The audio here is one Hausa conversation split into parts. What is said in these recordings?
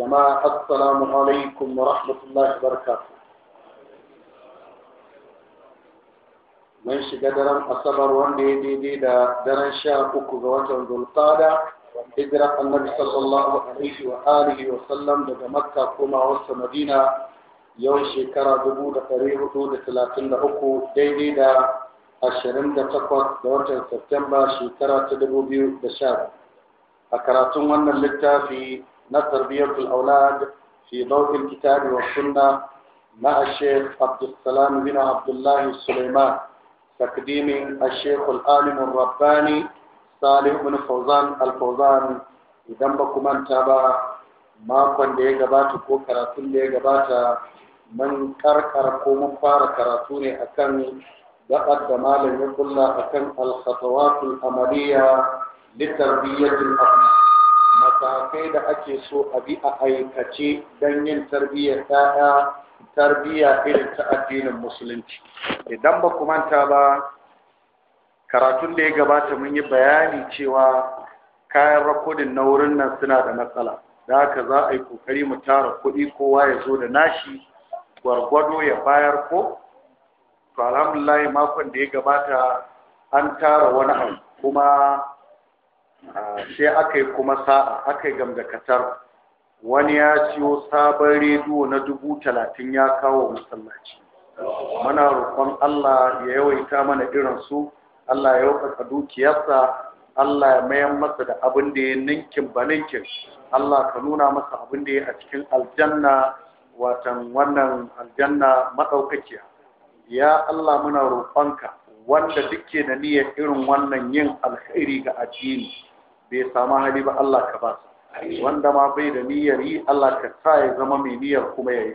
جماعة السلام عليكم ورحمة الله وبركاته من شجع أصبر وان دي دي دا درن شاء أكو غوات وانزل قادة النبي صلى الله عليه وآله وسلم دا مكة كما وصى مدينة يوشي كرا دبو دا قريب دو دا ثلاثين أكو دي دي دا أشرم دا تقوات دا سبتمبر شي تدبو بيو دا شاب أكراتون وانا اللتا في تربية الأولاد في ضوء الكتاب والسنة مع الشيخ عبد السلام بن عبد الله السليمان تقديم الشيخ العالم الرباني صالح بن فوزان الفوزان idan ba ku manta ba makon da ya gabata ko karatun da ya gabata mun karkara ko mun fara karatu ne akan gabar malam ya kulla akan al-khatawatul amaliya matakai da ake so a bi a aikace don yin tarbiyyar ta'a tarbiyya irin ta addinin musulunci idan ba manta ba karatun da ya gabata mun yi bayani cewa kayan rakodin na wurin nan suna da matsala da haka za a yi kokari mu tara kuɗi kowa ya zo da nashi gwargwado ya bayar ko to alhamdulillah makon da ya gabata an tara wani abu kuma sai aka yi kuma sa'a aka yi gamdakatar wani ya siyo sabon rediyo na dubu talatin ya kawo masallaci muna roƙon Allah ya yawaita mana irin su Allah ya yaukaka dukiyarsa Allah ya mayan masa da abin da ya ninkin ba ninkin Allah ka nuna masa abin da ya a cikin aljanna watan wannan aljanna maɗaukakiya ya Allah muna roƙonka wanda duke da niyyar irin wannan yin alkhairi ga addini bai samu hali ba Allah ka ba wanda ma bai da niyyar yi Allah ka sa ya zama mai niyyar kuma ya yi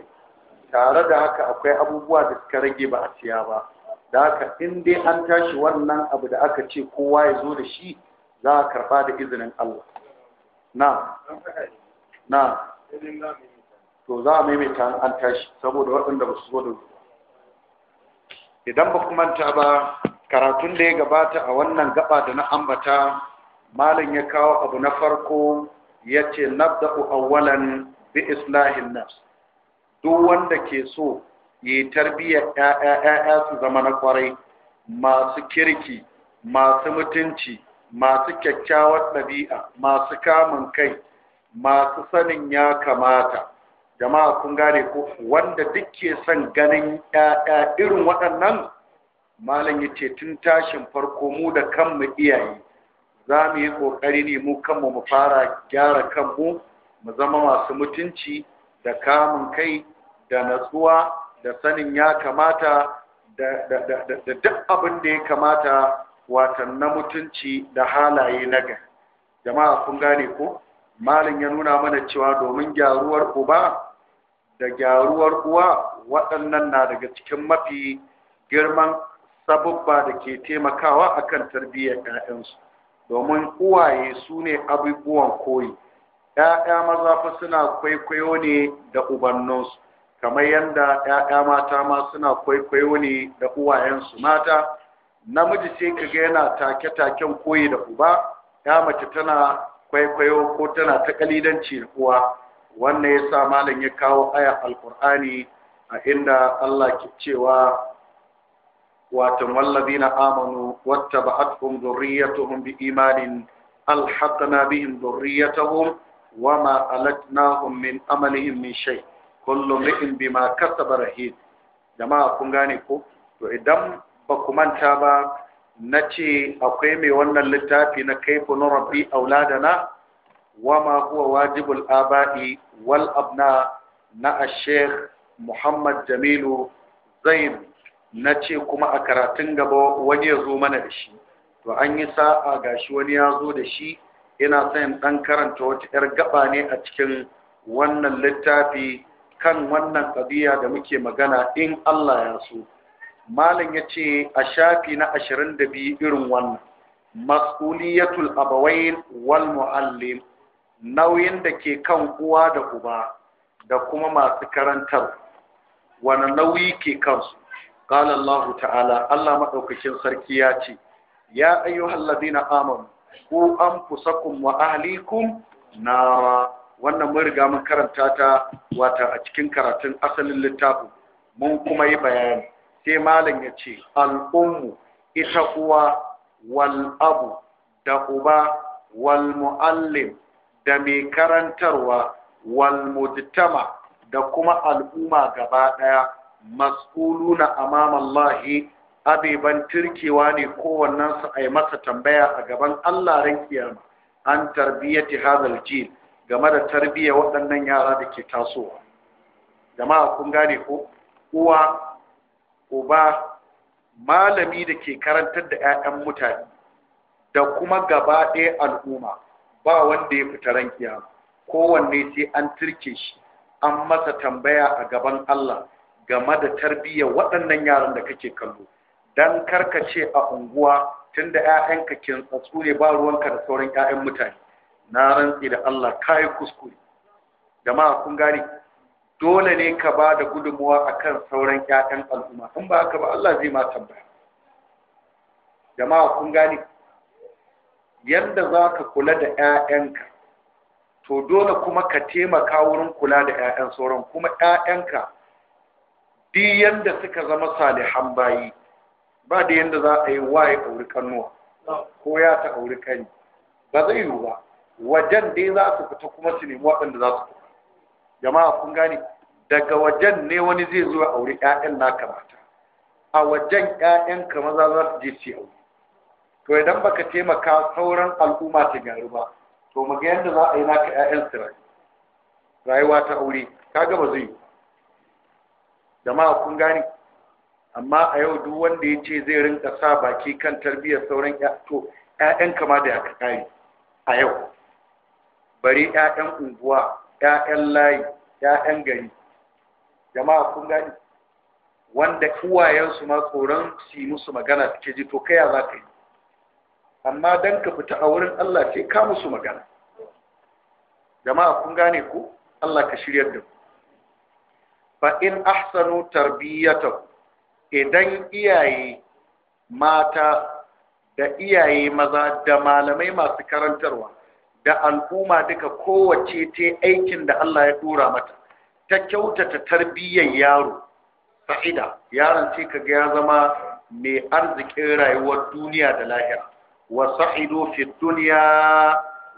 tare da haka akwai abubuwa da suka rage ba a siya ba da haka in dai an tashi wannan abu da aka ce kowa ya zo da shi za a karba da izinin Allah na na to za a maimaita an tashi saboda waɗanda ba su zo da idan ba kuma ta ba karatun da ya gabata a wannan gaba da na ambata malam ya kawo abu na farko ya ce nabda'u awwalan bi islahin nafs duk wanda ke so yi tarbiyyar ‘ya'ya su zama na kwarai masu kirki masu mutunci masu kyakkyawar ɗabi'a masu kamun kai masu sanin ya kamata jama'a kun gane ko wanda duk ke son ganin ‘ya'ya irin waɗannan malam ya ce tun tashin farko mu da kanmu iyaye za mu yi ƙoƙari ne mu kanmu mu fara gyara kanmu mu zama masu mutunci da kamun kai da natsuwa da sanin ya kamata da duk abin da ya kamata watan na mutunci da halaye na ga jama'a kun gane ko malin ya nuna mana cewa domin gyaruwar uba da gyaruwar uwa waɗannan na daga cikin mafi girman sabubba da ke taimakawa akan tarbiyyar 'ya'yansu domin uwaye su ne abubuwan koyi ‘ya'ya maza fa suna kwaikwayo ne da ubanninsu kamar yadda ‘ya'ya mata ma suna kwaikwayo ne da uwayensu mata namiji sai ka ga yana take-taken koyi da uba ya mace tana kwaikwayo ko tana ta kalidanci da uwa wannan ya sa malam ya kawo aya alkur'ani a inda Allah ke cewa واتم والذين آمنوا واتبعتهم ذريتهم بإيمان ألحقنا بهم ذريتهم وما ألتناهم من أملهم من شيء كل امرئ بما كسب رهين جماعة كنغانيكو to idan ba ku manta ba na ce akwai mai wannan littafi na kaifu na rabbi auladana wa ma huwa wajibul abadi wal abna na ash muhammad jamilu zain na ce kuma a karatun gaba wani ya zo mana da shi to an yi sa'a ga shi wani ya zo da shi ina son ɗan karanta wata 'yar gaba ne a cikin wannan littafi kan wannan ƙabiya da muke magana in Allah ya so malin ya ce a shafi na ashirin da irin wannan mas'uliyatul abawain wal mu'allim nauyin da ke kan uwa da uba da kuma masu karantar wani nauyi ke kansu qala Allah ta'ala Allah maɗaukacin sarki ya ce ya ayyuhalladhina amanu ku anfusakum wa ahlikum nara wannan mun riga mun karanta ta wata a cikin karatun asalin littafin mun kuma yi bayani sai malam ya ce al'ummu ita uwa wal abu da uba wal muallim da mai karantarwa wal mujtama da kuma al'umma gaba daya mas'uluna amama Allah abeban turkewa ne kowannen su ai masa tambaya a gaban Allah ran kiyama an tarbiyyati hadal jil game da tarbiyya waɗannan yara da ke tasowa jama'a kun gane ko uwa uba malami da ke karantar da 'ya'yan mutane da kuma gaba ɗaya al'umma ba wanda ya fita ran kiyama kowanne sai an turke shi an masa tambaya a gaban Allah game da tarbiyyar waɗannan yaran da kake kallo dan karkace a unguwa tunda ƴaƴanka kin tsatsu ne ba ruwanka da sauran ƴaƴan mutane na rantsi da Allah kai kuskure jama'a kun gane dole ne ka ba da gudunmuwa akan sauran ƴaƴan al'umma in ba haka ba Allah zai ma tambaya jama'a kun gane yadda za ka kula da 'ya'yanka to dole kuma ka taimaka wurin kula da 'ya'yan sauran kuma 'ya'yanka duk yanda suka zama salihan bayi ba da yanda za a yi waye auri kanuwa ko ya ta auri kani ba zai yi ba wajen dai za su fita kuma su nemi waɗanda za su fita jama'a kun gane daga wajen ne wani zai zo auri ƴaƴan na kamata? a wajen ƴaƴan ka maza za su je su aure to idan baka taimaka sauran al'umma ta gyaru ba to mu ga yadda za a yi naka ƴaƴan su rayuwa ta aure kaga ba zai yi. jama'a kun gane amma a yau duk wanda ya ce zai rinka sa baki kan tarbiyyar sauran to ƴaƴan kama da aka kare a yau bari ƴaƴan unguwa ƴaƴan layi ƴaƴan gari jama'a kun gane wanda su ma tsoron su yi musu magana suke ji to kai ya za ka yi amma dan ka fita a wurin Allah sai ka musu magana jama'a kun gane ku Allah ka shiryar da ku fa in ahsanu tarbiyatahu idan iyaye mata da iyaye maza da malamai masu karantarwa da al'umma duka kowace ta aikin da Allah ya dora mata ta kyautata tarbiyyar yaro sa'ida yaron ce kaga ya zama mai arzikin rayuwar duniya da lahira wa sa'idu fi dunya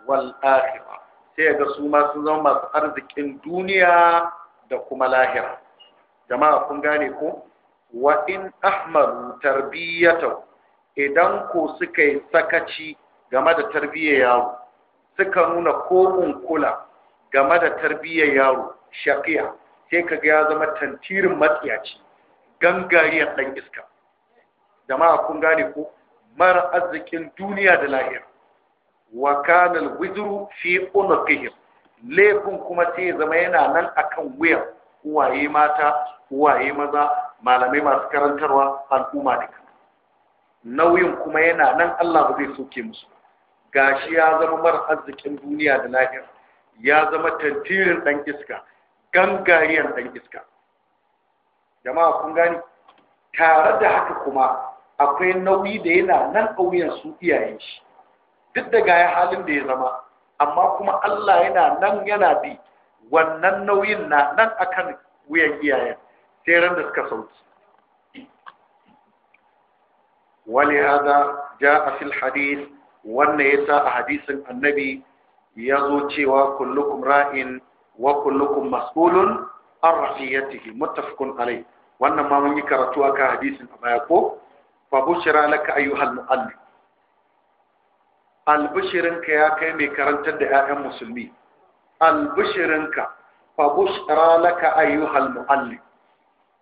wal akhirah sai ga su ma sun zama masu arzikin duniya da kuma lahira jama'a kun gane ko wa in ahmaru tarbiyata idan ku suka yi sakaci game da tarbiyyar yaro suka nuna ko kula game da tarbiyyar yaro shaqiya sai kaga ya zama tantirin matsiyaci gangariyar dan iska jama'a kun gane ko mara arzikin duniya da lahira wa kana alwizru fi unqihim laifin kuma sai zama yana nan akan wuyan uwaye mata uwaye maza malamai masu karantarwa al'umma da kan nauyin kuma yana nan Allah ba zai soke musu gashi ya zama mara arzikin duniya da lahira ya zama tantirin dan iska gangariyan dan iska jama'a kun gani tare da haka kuma akwai nauyi da yana nan a wuyan su iyayen shi duk da gaya halin da ya zama amma kuma Allah yana nan yana bi wannan nauyin na nan akan wuyan iyaye sai ran da suka sauki ولهذا جاء ya yasa a hadisin annabi ya zo cewa kullukum ra'in wa kullukum mas'ulun an ra'iyatihi muttafaqun alai. wannan ma mun yi karatu aka hadisin a baya ko fa bushira laka ayyuhal mu'allim albishirinka ya kai mai karantar da 'ya'yan musulmi albishirinka fa laka ayyuhal muallim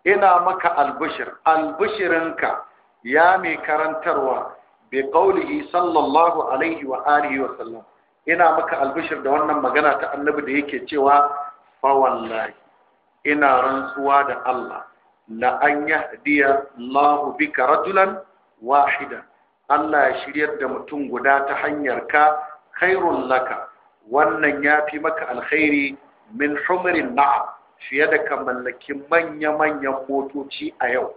ina maka albishir albishirinka ya mai karantarwa bi qaulihi sallallahu alaihi wa alihi wa sallam ina maka albishir da wannan magana ta annabi da yake cewa fa wallahi ina rantsuwa da Allah la an yahdiya Allahu bika rajulan wahida Allah ya shiryar da mutum guda ta hanyar ka khairun laka wannan ya fi maka alkhairi min humrin na'am fiye da ka mallaki manya-manyan motoci a yau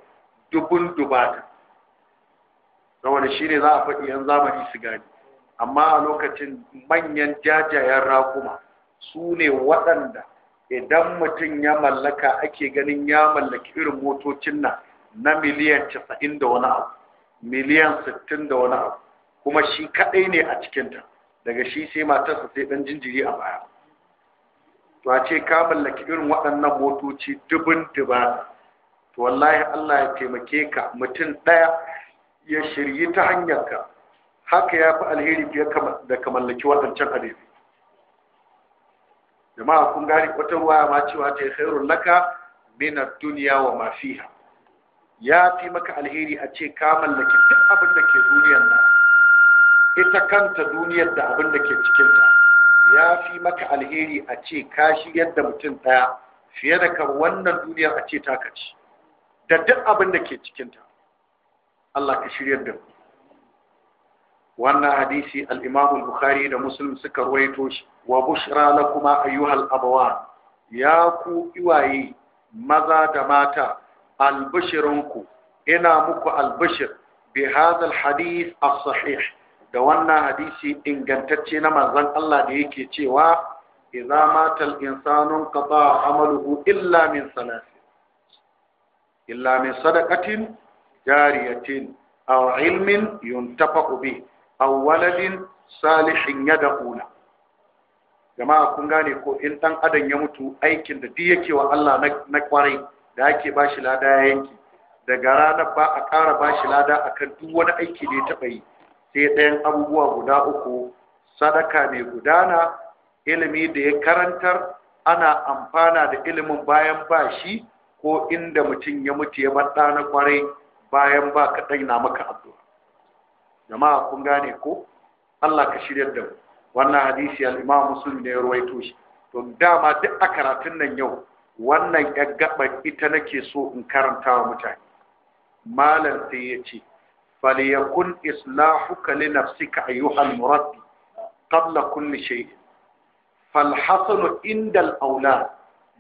dubun dubata saboda shi ne za a faɗi yan zamani su gani amma a lokacin manyan jajayen raƙuma su ne waɗanda idan mutum ya mallaka ake ganin ya mallaki irin motocin nan na miliyan casa'in da wani abu miliyan sittin da wani abu kuma shi kaɗai ne a cikinta daga shi sai matarsa sai ɗan jinjiri a baya to a ce ka mallaki irin waɗannan motoci dubun duba to wallahi Allah ya taimake ka mutum ɗaya ya shiryi ta hanyarka haka ya fi alheri fiye da ka mallaki waɗancan hadisi jama'a kun gani wata ruwa ma cewa ta khairun laka min duniya wa ma ya fi maka alheri a ce ka mallaki duk abin da ke duniyar nan ita kanta duniyar da abin da ke cikinta ya fi maka alheri a ce ka shigar da mutum ɗaya fiye da kan wannan duniyar a ce taka ci da duk abin da ke cikinta Allah ka shirya da mu wannan hadisi al-Imam al-Bukhari da Muslim suka rawaito shi wa bushra lakuma ayyuhal abawan ya ku iwaye maza da mata albashirinku ina muku albashir. bi hadal hadith as-sahih da wannan hadisi ingantacce na manzon Allah da yake cewa idza matal insanu qata amaluhu illa min salasin, illa min sadaqatin jariyatin aw ilmin yuntafa'u bi aw waladin salihin yadquna jama'a kun gane ko in dan adam ya mutu aikin da duk yake wa Allah na kwarai da ake ba shi lada ya yanki daga ranar ba a ƙara ba shi lada a kan duk wani aiki da ya taɓa yi sai ɗayan abubuwa guda uku sadaka mai gudana ilimi da ya karantar ana amfana da ilimin bayan ba shi ko inda mutum ya mutu ya bar na kwarai bayan ba kaɗai na maka addu'a jama'a kun gane ko Allah ka shirya da mu wannan hadisi al-Imam Muslim ne ya ruwaito shi to dama duk a karatun nan yau wannan 'yar gaban ita nake so in karanta wa mutane malam sai ya ce falyakun islahuka li nafsika ayyuhal murabbi qabla kulli shay fal hasanu inda al aulad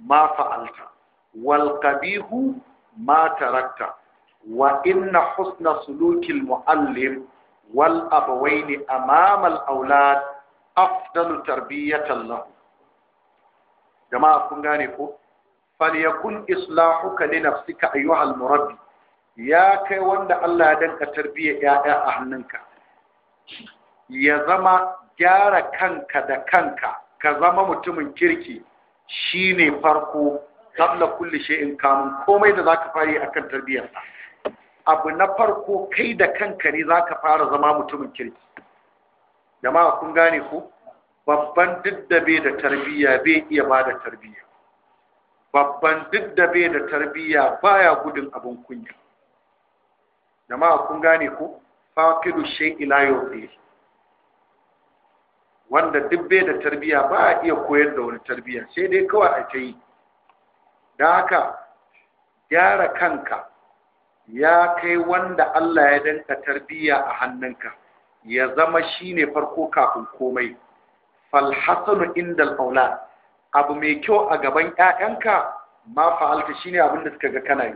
ma fa'alta wal qabihu ma tarakta wa inna husna suluki al muallim wal abawayn amama al aulad afdalu tarbiyatan lahu jama'a kun gane ko falyakun islahuka li nafsika ayyuhal murabbi ya kai wanda Allah ya danka tarbiya ya'ya a hannunka ya zama gyara kanka da kanka ka zama mutumin kirki shine farko kabla kulli shay'in kamun komai da zaka fari akan tarbiyarsa abu na farko kai da kanka ne zaka fara zama mutumin kirki jama'a kun gane ku babban diddabe da tarbiyya bai iya bada tarbiyya babban duk da bai da tarbiyya baya gudun abin kunya jama'a kun gane ko faqidu shay'i la yu'ti wanda duk bai da tarbiyya ba a iya koyar da wani tarbiyya sai dai kawai a ta yi da haka gyara kanka ya kai wanda Allah ya danka tarbiyya a hannunka ya zama shine farko kafin komai falhasanu indal aulad abu mai kyau a gaban ƴaƴanka ma fa'alta shine abin da suka ga kana yi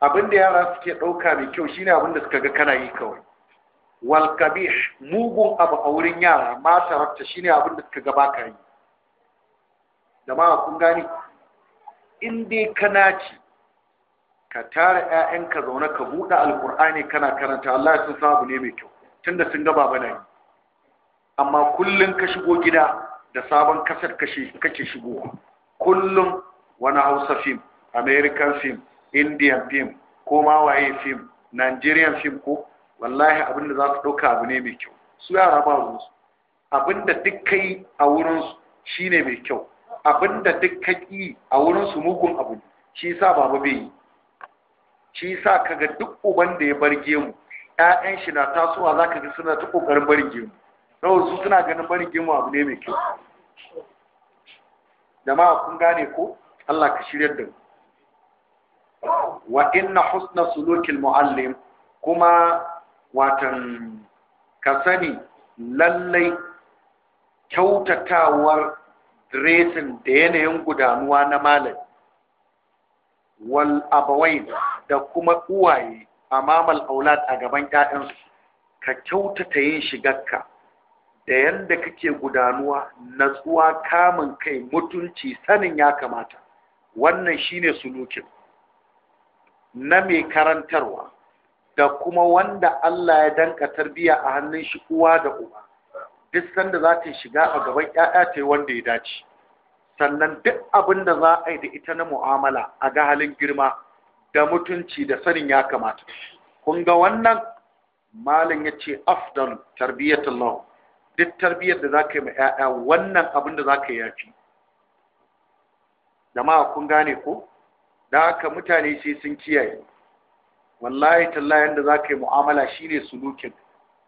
abin da yara suke ɗauka mai kyau shine abin da suka ga kana yi kawai wal mugun abu a wurin yara ma tarabta shine abin da suka ga baka yi ma kun gani in dai kana ci ka tara ƴaƴanka zaune ka buɗe alƙur'ani kana karanta Allah ya san sabu ne mai kyau tunda sun ga baba na yi amma kullum ka shigo gida da sabon kasar kake shigowa kullum wani hausa fim american fim indian fim ko ma waye fim nigerian fim ko wallahi abin da za su ɗauka abu ne mai kyau su yara ba su abin da duk yi a wurinsu shi ne mai kyau abin da duk ka yi a wurinsu mugun abu ne shi sa baba bai yi shi sa kaga duk uban da ya bar gemu 'ya'yan shi na tasowa za ka ga suna ta ƙoƙarin barin gemu saboda su suna ganin bari girma abu ne mai kyau jama'a kun gane ko Allah ka shirya da wa inna husna sulukil muallim kuma watan ka sani lallai kyautatawar dresin da yanayin gudanuwa na malami wal abawain da kuma uwaye amamal aulad a gaban 'ya'yansu, ka kyautata yin shigarka da yadda kake gudanuwa natsuwa kamun kai mutunci sanin ya kamata wannan shine sulukin na mai karantarwa da kuma wanda Allah ya danka tarbiya a hannun shi uwa da uba duk sanda za ta shiga a gaban ƴaƴa ta wanda ya dace sannan duk abin da za a yi da ita na mu'amala a ga halin girma da mutunci da sanin ya kamata kun ga wannan malin ya ce afdal tarbiyatullah duk tarbiyyar da za ka yi ma 'ya'ya wannan abin da za ka yi yaki jama'a kun gane ko da aka mutane sai sun kiyaye wallahi tallayen da za ka yi mu'amala shi ne sulukin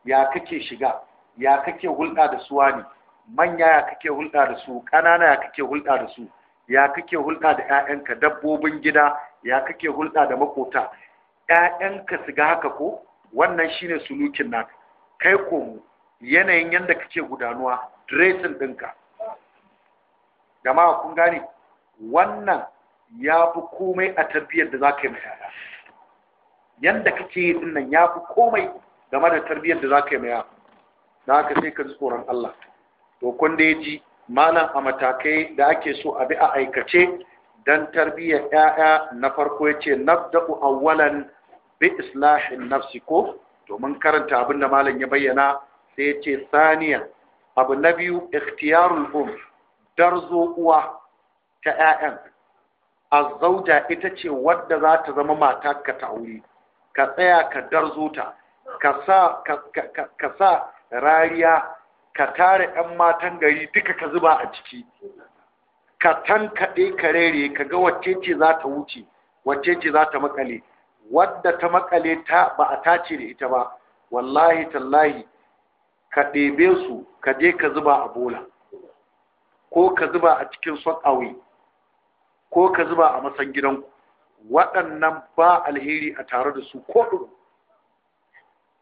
ya kake shiga ya kake hulɗa da su wani manya ya kake hulɗa da su ƙanana ya kake hulɗa da su ya kake hulɗa da 'ya'yanka dabbobin gida ya kake hulɗa da makota 'ya'yanka su ga haka ko wannan shi ne sulukin naka kai ko yanayin yadda kake gudanuwa dressing ɗinka jama'a kun gane wannan ya fi komai a tarbiyyar da za ka yi mayaka yara yadda kake yi dinnan ya fi komai game da tarbiyyar da za ka yi mayaka da haka sai ka ji tsoron Allah to kun da ya malam a matakai da ake so a bi a aikace don tarbiyyar 'ya'ya na farko ya ce nabda'u awwalan bi islahin nafsi ko domin karanta abin da malam ya bayyana sai ce saniya abu na biyu ikhtiyarul um darzo uwa ta 'ya'yan azauja ita ce wadda za ta zama mata ka ta aure ka tsaya ka darzo ta ka sa ka sa rariya ka tare 'yan matan gari duka ka zuba a ciki ka tankaɗe ka rere ka ga wacce ce za ta wuce wacce ce za ta makale wadda ta makale ta ba a tace da ita ba wallahi tallahi ka ɗebe su ka je ka zuba a bola ko ka zuba a cikin sakawi ko ka zuba a masan gidanku waɗannan ba alheri a tare da su ko ɗin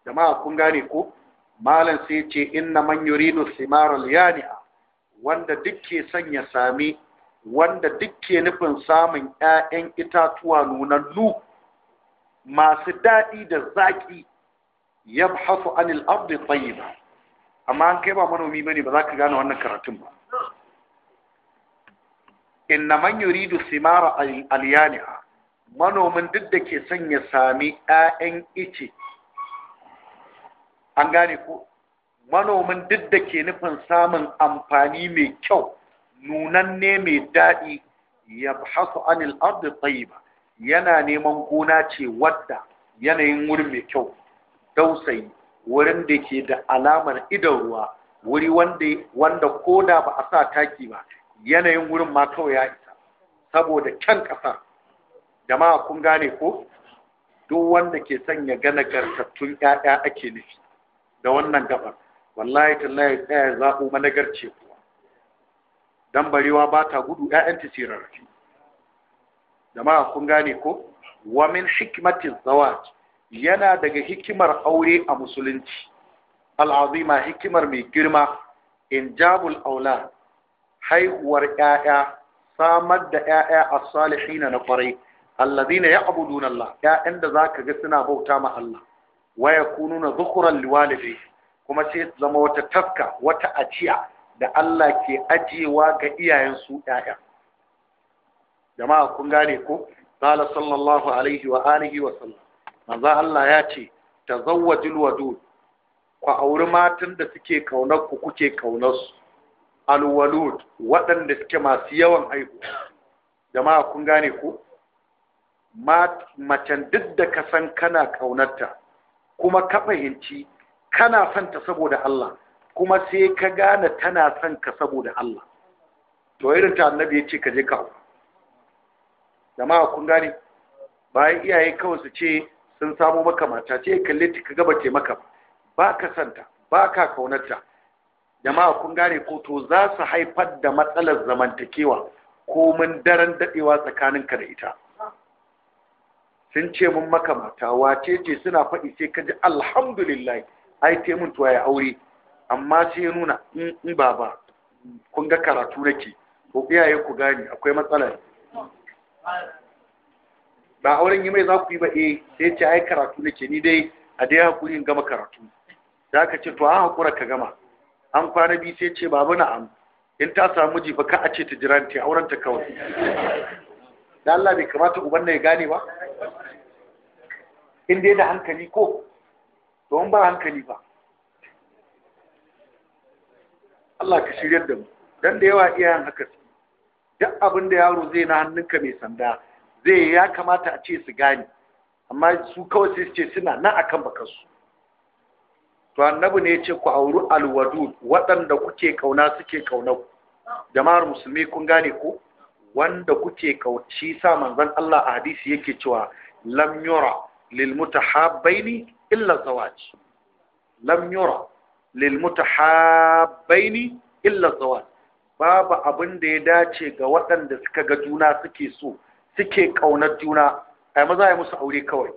jama'a kun gane ko malam sai ce inna man yuridu simaral yani'a wanda duk ke son ya sami wanda duk ke nufin samun 'ya'yan itatuwa nunannu masu daɗi da zaƙi ya anil ardi ba. amma an kai ba manomi bane ba za ka gane wannan karatun ba inna man yuridu simara alyaniha manomin duk da ke son ya sami 'ya'yan ice an gane ko manomin duk da ke nufin samun amfani mai kyau nunanne mai daɗi ya hasu anil ardi tayyiba yana neman gona ce wadda yanayin wurin mai kyau dausayi wurin da ke da alamar idan ruwa wuri wanda ko da ba a sa taki ba yanayin wurin ma kawai ya isa saboda kyan ƙasar jama'a kun gane ko duk wanda ke sanya gana gartattun 'ya'ya ƴaƴa ake nufi da wannan gabar wallahi tallahi tsaya zaɓo ce kuwa dan barewa ba ta gudu ƴaƴanta sirarrafi jama'a kun gane ko wa min hikmatin zawaj yana daga hikimar aure a musulunci al'azima hikimar mai girma injabul aula haihuwar 'ya'ya, samar da 'ya'ya a salihina na kwarai ya abu Allah yayan da zaka ga suna bauta ma Allah wa nuna dhukuran liwalidi kuma sai zama wata tafka wata ajiya da Allah ke ajiyewa ga iyayensu 'ya'ya. jama'a kun gane ko qala sallallahu alaihi wa alihi wa sallam manzo Allah ya ce tazawwajul wadud ku auri matan da suke kaunar ku kuke kaunar su alwalud waɗanda suke masu yawan haihu jama'a kun gane ku macen duk da ka san kana kaunarta kuma ka fahimci kana son ta saboda Allah kuma sai ka gane tana son ka saboda Allah to irin ta annabi ya ce ka je ka jama'a kun gane bayan iyaye kawai su ce sun samo maka mata ce kalle ta ka gaba ce maka ba ka santa ba ka kaunarta jama'a kun gane ko to za su haifar da matsalar zamantakewa ko mun daren dadewa ka da ita sun ce mun maka mata wace ce suna faɗi sai ka ji alhamdulillah ai te mun to ya aure amma sai ya nuna in mm, mm, ba ba kun ga karatu nake ko iyaye ku gane akwai matsalar ba auren yi mai za ku yi ba eh sai ce ai karatu nake ni dai a dai hakuri in gama karatu da ka ce to an hakura ka gama an kwana biyu sai ce babu na'am in ta samu ba ka a ce ta jira ta auren ta kawai da Allah bai kamata uban na ya gane ba in dai da hankali ko don ba hankali ba Allah ka shiryar da mu dan da yawa iyayen haka su duk abin da yaro zai na hannunka mai sanda zai ya kamata a ce su gane amma su kawai sai su ce suna nan akan bakansu to annabi ne ya ce ku auri alwadu waɗanda kuke kauna suke kauna jama'ar musulmi kun gane ko wanda kuke kauna shi sa manzon Allah a hadisi yake cewa lam yura lil mutahabbaini illa zawaj lam yura lil mutahabbaini illa zawaj babu abin da ya dace ga waɗanda suka ga juna suke so suke ƙaunar juna a maza ya musu aure kawai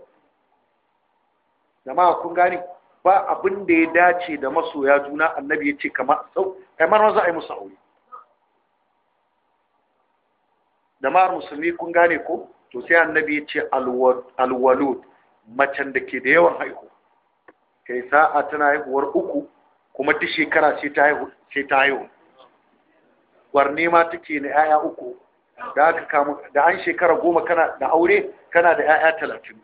jama'a kun gane ba abin da ya dace da masoya juna annabi ya ce kama sau mara za a yi musu aure jama'ar musulmi kun gane ko to sai annabi ya ce alwalud macen da ke da yawan haihu kai sa'a tana haihuwar uku kuma ta shekara sai ta haihu warne ma take na 'ya'ya uku da aka kamu da an shekara goma kana da aure kana da 'ya'ya talatin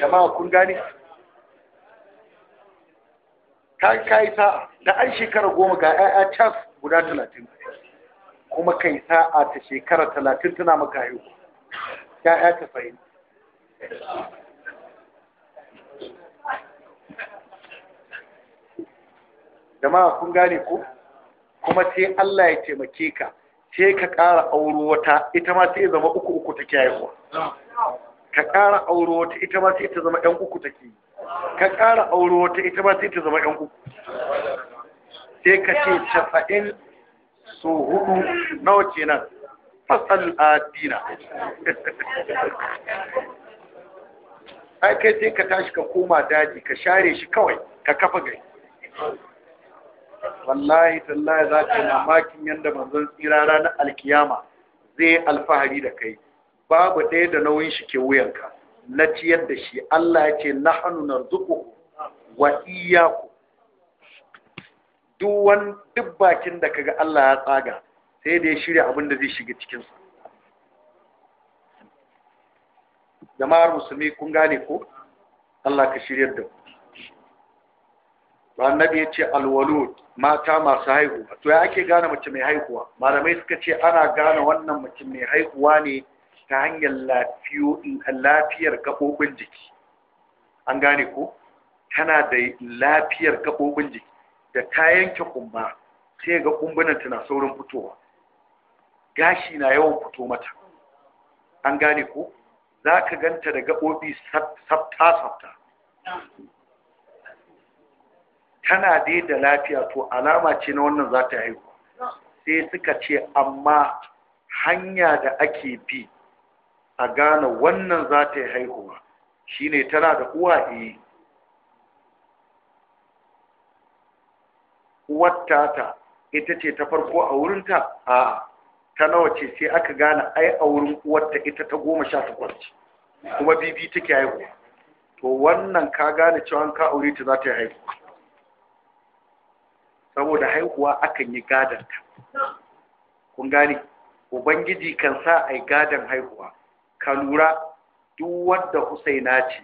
jama'a kun gane ta kai sa'a da an shekara goma ga 'ya'ya cas guda talatin kuma kai sa'a ta shekara talatin tana maka haihu 'ya'ya ta fahimta jama'a kun gane ko? kuma sai Allah ya taimake ka sai ka ƙara auro wata ita ma sai zama uku uku take haihuwa ka ƙara auro wata ita ma sai ta zama ɗan uku take ka ƙara auro wata ita ma sai ta zama ɗan uku sai ka ce casa'in so hudu nawa nan fasal adina ai kai sai ka tashi ka koma daji ka share shi kawai ka kafa gari wallahi tallahi za ka mamakin yadda manzon tsira ranar alkiyama zai alfahari da kai babu ɗaya da nauyin shi ke wuyanka na ciyar da shi Allah ya ce na hannu na zuku wa iyaku duwan duk bakin da kaga Allah ya tsaga sai da ya shirya abin da zai shiga cikinsu. jama'ar musulmi kun gane ko Allah ka shiryar da ku annabi ya ce alwalud mata masu haihuwa to ya ake gane mace mai haihuwa malamai suka ce ana gane wannan mace mai haihuwa ne ta hanyar lafiyar gaɓoɓin jiki an gane ko tana da lafiyar gaɓoɓin jiki da ta yanke kumba sai ga kumbunan tana saurin fitowa gashi na yawan fito mata an gane ko za ka ganta da gaɓoɓi sabta-sabta tana dai da lafiya to alama ce na wannan za ta haihu sai suka ce amma hanya da ake bi a gane wannan za ta yi haihuwa shine tana da uwa e. Eh. uwarta ta ita ce ta farko a wurinta a ta nawa ce sai aka gane ai a wurin uwarta ita ta goma sha takwas ce kuma bibi take haihuwa to wannan ka gane cewa an ka aure ta za ta yi haihuwa saboda haihuwa akan yi gadon ta kun gane ubangiji kan sa a yi gadon haihuwa ka lura duk wanda husaina ce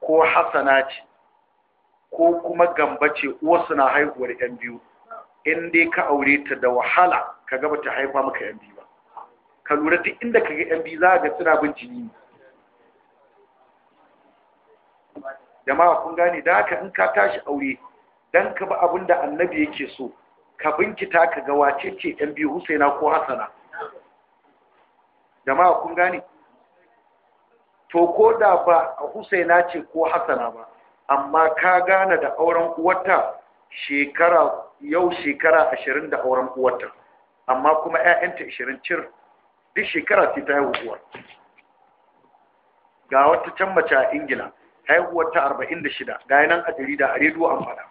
ko hasana ce ko kuma gamba ce uwarsu na haihuwar yan biyu in dai ka aure ta da wahala ka gaba ta haifa maka yan biyu ba ka lura duk inda ka ga yan biyu za a ga suna bin jini ne jama'a kun gane da haka in ka tashi aure dan ka ba abin da annabi yake so ka binkita ka ga wace ce ɗan biyu husaina ko hasana jama'a kun gane to ko da ba a husaina ce ko hasana ba amma ka gane da auren uwarta shekara yau shekara ashirin da auren uwarta amma kuma 'ya'yanta ashirin cir duk shekara sai ta haihuwa ga wata can mace a ingila haihuwarta arba'in da shida ga yanan a jarida a rediyo an faɗa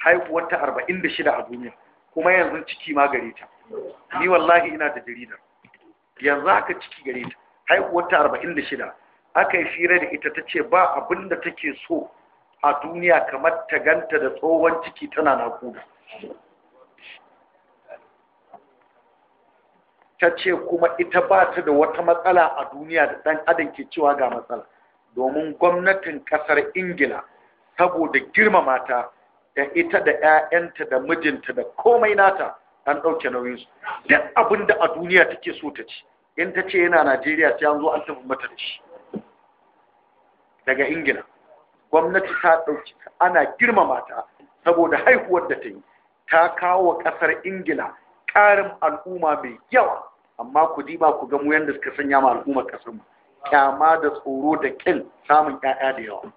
haihuwar ta shida a duniya kuma yanzu ciki ma gare ta ni wallahi ina da jaridar yanzu haka ciki gare ta haihuwar ta shida. aka yi fira da ita ta ce ba abin da take so a duniya kamar ta ganta da tsohon ciki tana nakuda ta ce kuma ita ba ta da wata matsala a duniya da ɗan adam ke cewa ga matsala domin gwamnatin ƙasar ingila saboda girmama ta da ita da 'ya'yanta da mijinta da komai nata an ɗauke nauyinsu duk abin da a duniya take so ta ci in ta ce yana najeriya sai an zo an tafi mata da shi daga ingila gwamnati ta ɗauki ana girmama ta saboda haihuwar da ta yi ta kawo wa ƙasar ingila ƙarin al'umma mai yawa amma ku diba ku ga mu yadda suka sanya ma al'ummar ƙasar mu kyama da tsoro da kin samun ƴaƴa da yawa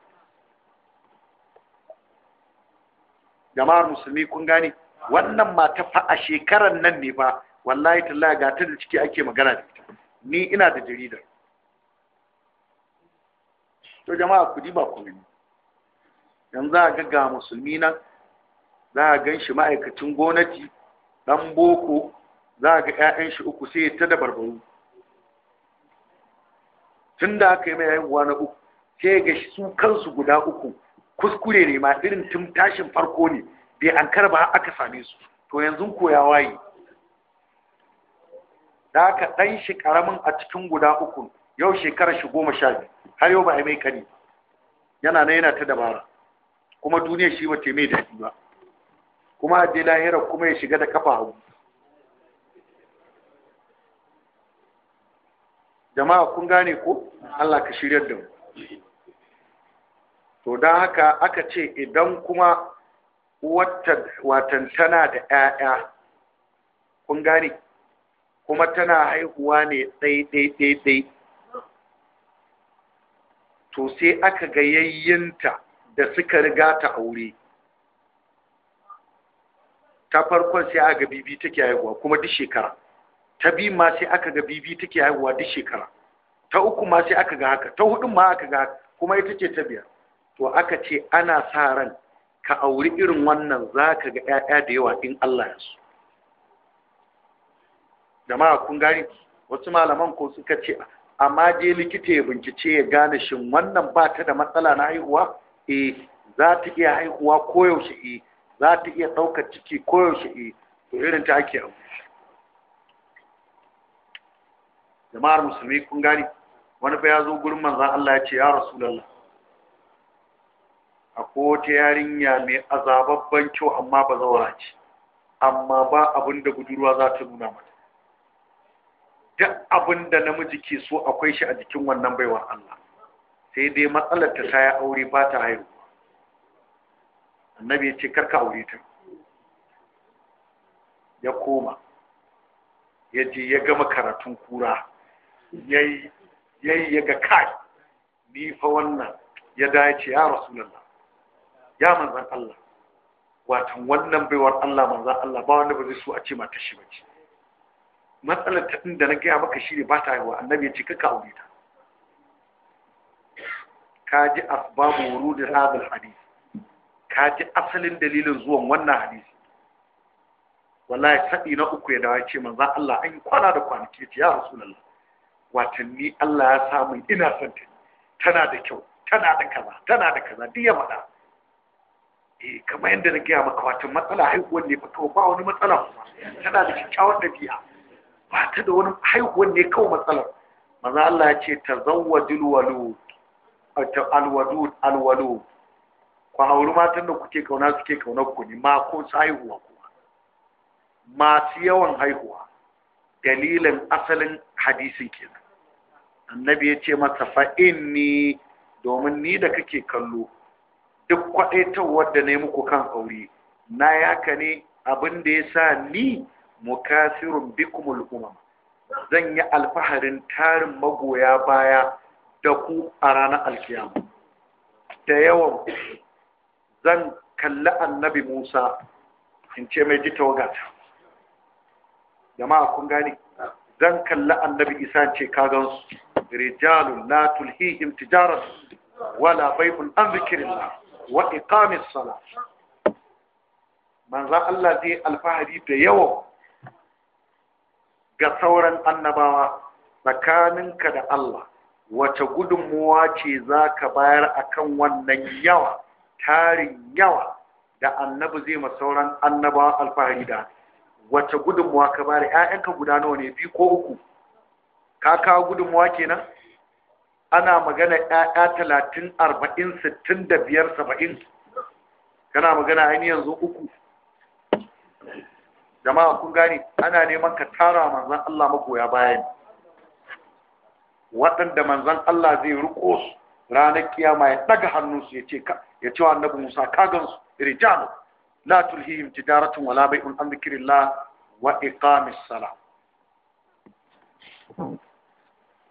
jama'ar musulmi kun gane wannan ma ta fa a shekaran nan ne ba wallahi tallahi ga ta da ciki ake magana da ita ni ina da jaridar to jama'a ku ba ku gani yanzu za ga ga musulmi nan za a gan shi ma'aikacin gwamnati dan boko za ga 'ya'yan shi uku sai ta da barbaru tun aka yi mai yayin na uku sai ga su kansu guda uku kuskure ne ma irin tun tashin farko ne bai an ba aka same su to yanzu koya waye da aka ɗan shi ƙaramin a cikin guda uku yau shekarar shi goma har yau ba a mai kani yana na yana ta dabara kuma duniya shi ba mai daɗi ba kuma a je lahira kuma ya shiga da kafa hagu jama'a kun gane ko Allah ka shiryar da mu to don haka aka ce idan kuma watan tana da 'ya'ya kun gane kuma tana haihuwa ne ɗai-ɗai-ɗai to sai aka ga yayyinta da suka riga ta aure ta farkon sai aka ga bibi take haihuwa kuma duk shekara ta bi ma sai aka ga bibi take haihuwa duk shekara ta uku ma sai aka ga haka ta hudun ma aka ga haka kuma ita ce ta biyar to aka ce ana sa ran ka auri irin wannan za ka ga 'ya'ya da yawa in Allah ya so ma kun gari wasu malaman ko suka ce amma je likita ya bincike ya gane shin wannan ba ta da matsala na haihuwa eh za ta iya haihuwa koyaushe eh za ta iya ɗaukar ciki koyaushe eh to irin ta ake abu jama'ar musulmi kun gani wani ba ya zo gurin manzan Allah ya ce ya rasulallah akwai wata yarinya mai azababban kyau amma ba zaura ce amma ba abin da budurwa za ta nuna mata duk abin da namiji ke so akwai shi a jikin wannan baiwar Allah sai dai matsalar ta kaya aure ba ta haihu annabi ya ce karka aure ta ya koma ya je ya gama karatun kura ya yi ya ga kai ni fa wannan ya dace ya rasulullah ya manzan Allah watan wannan baiwar Allah manzan Allah ba wanda ba zai so a ce mata shi ba ce matsalar ta inda na gaya maka shi ne ba ta wa annabi ya ce kaka aure ta ka ji asbabu wurudin hadal hadis ka ji asalin dalilin zuwan wannan hadisi wallahi sadi na uku ya dawo ce manzan Allah an kwana da kwanaki ce ya rasulullah Watanni ni Allah ya samu ina son ta tana da kyau tana da kaza tana da kaza duk ya Eh, kamar yadda na gaya maka wato matsala haihuwar ne fito ba wani matsala kuma tana da kyakkyawar ɗabi'a ba ta da wani haihuwar ne kawai matsalar maza Allah ya ce ta dilwalu, ta alwalud alwalu. ku hauri matan da kuke kauna suke kaunar ku ne ma ko su haihuwa kuma masu yawan haihuwa dalilin asalin hadisin kenan annabi ya ce mata fa'in ni domin ni da kake kallo duk kwaɗaitowar da na yi muku kan aure na yaka ne abin da ya sa ni mukasirun bikumul umam zan yi alfaharin tarin magoya baya da ku a ranar alkiyama da yawan zan kalli annabi musa in ce mai ji wagata? jama'a kun gani zan kalli annabi isa in ce ka kagansu rijalun la tulhihim tijaratu wala bai'un an wa iqamis sala za Allah zai alfahari da yawa ga sauran annabawa tsakaninka da Allah wace gudunmuwa ce za ka bayar kan wannan yawa tarin yawa da annabi zai ma sauran annabawa alfahari da wace gudunmuwa ka bayar ‘ya'yanka guda nawa ne biyu ko uku ka kawo gudunmuwa kenan ana magana ƴaƴa talatin arba'in sittin da biyar saba'in kana magana ainihin yanzu uku jama'a kun gani ana neman ka tara manzan Allah magoya bayan waɗanda manzan Allah zai riko su ranar kiyama ya daga hannunsu ya ce ka ya ce wa annabi Musa ka su rijal la tulhihim tijaratun wala bai'un an dhikrillah wa iqamissalah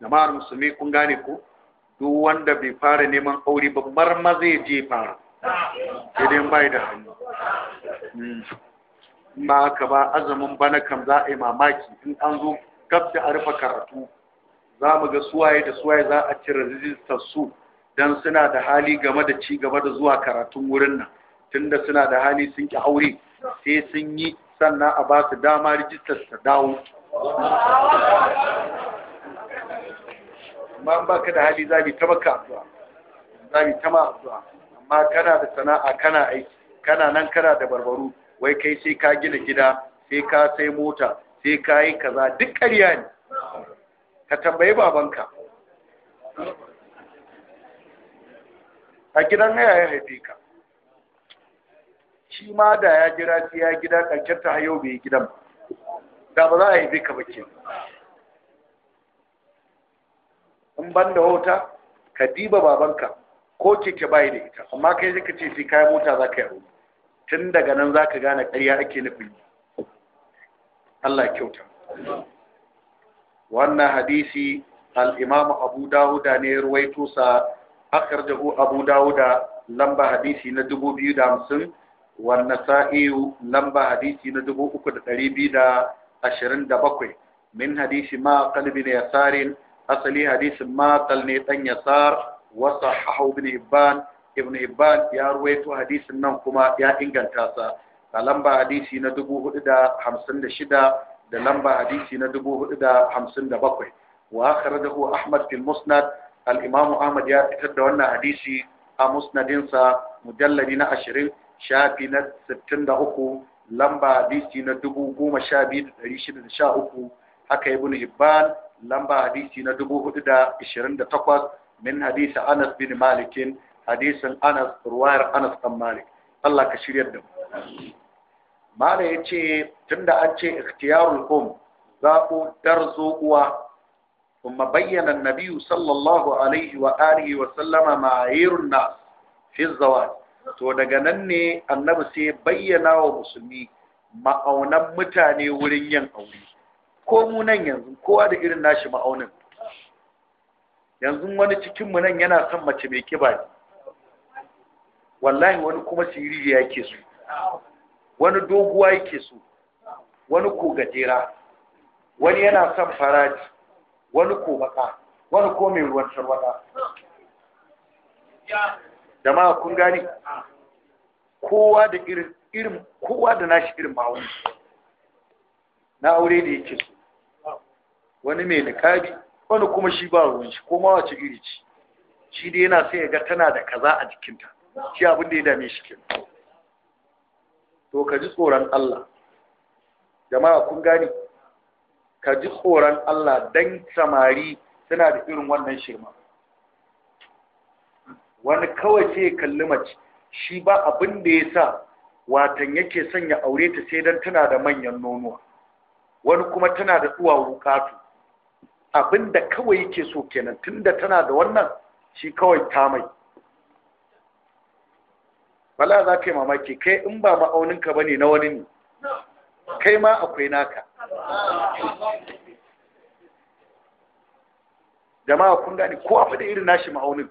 jama'ar musulmi kun gane ko duk wanda bai fara neman aure ba marma zai je fara idan bai da hannu hmm. ba ka ba azumin bana kam za a yi mamaki in an zo kafta a rufe karatu za mu ga suwaye da suwaye za a cire rijistar su don suna da hali game da ci gaba da zuwa karatun wurin nan tunda suna da hali sun ki aure sai sun yi sannan a ba su dama rijistar ta dawo amma in baka da hali zabi ta maka addu'a zabi ta ma addu'a amma kana da sana'a kana aiki kana nan kana da barbaru wai kai sai ka gina gida sai ka sai mota sai ka yi kaza duk ƙarya ne ka tambayi babanka a gidan haya ya haife ka shi ma da ya jira ya gida ƙarshen ta hayo bai gidan da ba za a haife ka ba ke in ban da wauta ka diba babanka ko keke bayi da ita amma kai zai ka ce sai kayan mota za ka yi aure tun daga nan za ka gane ƙarya ake nufin Allah kyauta wannan hadisi al-imam abu dawuda ne ruwaito sa akhrajahu abu dawuda lamba hadisi na dubu biyu da hamsin wannan sa'iyu lamba hadisi na dubu uku da da da biyu ashirin bakwai. min hadisi ma qalbi yasarin asali hadisin matal ne dan yasar wa hahu ibn hibban ibn hibban ya ruwaito hadisin nan kuma ya inganta sa a lamba hadisi na dubu hudu da hamsin da da shida lamba hadisi na dubu hudu da da hamsin bakwai. wa akhrajahu ahmad fil musnad al imam ahmad ya fitar da wannan hadisi a musnadinsa mujallari na ashirin shafi na sittin da uku, lamba hadisi na dubu goma sha sha biyu da da ɗari shida uku, haka ibn hibban lamba hadisi na dubu da da takwas, min hadisi Anas bin malikin hadisin Anas ruwayar Anas bin Malik Allah ka shirya da mu mala yace tunda an ce ikhtiyarul um zaɓo dar uwa kuma bayyana nabiyu sallallahu alaihi wa alihi wa sallama ma'ayirun nas fi zawaj to daga nan ne annabi sai bayyana wa musulmi ma'aunan mutane wurin yin aure ko mu nan yanzu kowa da irin nashi ma'aunin yanzu wani cikinmu nan yana son mace mai kiba ne wallahi wani kuma siriri yake so wani doguwa yake so wani ko gajera wani yana son faraji wani ko baka wani ko mai ruwan tarwada jama'a kun gani kowa da irin irin kowa da nashi irin ma'aunin na aure da yake so wani mai niƙabi wani kuma shi ba ruwan shi ko ma wace iri ce shi dai yana sai ya ga tana da kaza a jikinta shi abin da ya dame shi kenan to ka ji tsoron Allah jama'a kun gani ka ji tsoron Allah dan samari suna da irin wannan shirma wani kawai sai ya kalli mace shi ba abin da ya sa watan yake sanya aure ta sai dan tana da manyan nonuwa wani kuma tana da tsuwa wukatu. abinda kawai yake so kenan tunda tana da wannan shi kawai ta mai bala za ka yi mamaki kai in ba ma'auninka ba ne na wani ne kai ma akwai naka jama'a kun gani ko abu da irin nashi ma'aunin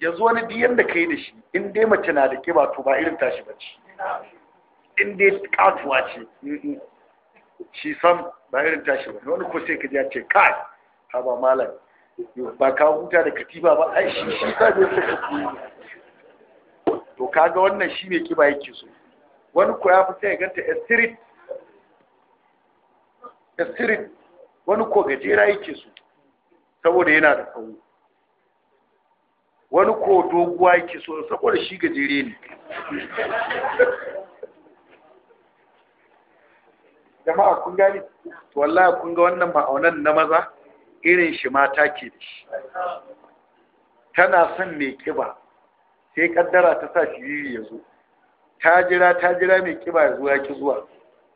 yanzu wani diyan da ka yi da shi in dai mace na da kiba to ba irin tashi ba ce in dai katuwa ce shi sam ba irin tashi ba wani ko sai ka ji a ce kai ha ba malam ba ka huta da katiba ba ai shi shi ka je ka to kaga wannan shi ne kiba yake so wani ko ya fi sai ganta estirit estirit wani ko gajera yake so saboda yana da kawo wani ko doguwa yake so saboda shi gajere ne jama'a kun gani to wallahi kun ga wannan ma'aunan na maza irin shi mata ke da shi tana son mai kiba sai kaddara ta sa yi ya zo ta jira ta jira mai kiba ya zo ya ki zuwa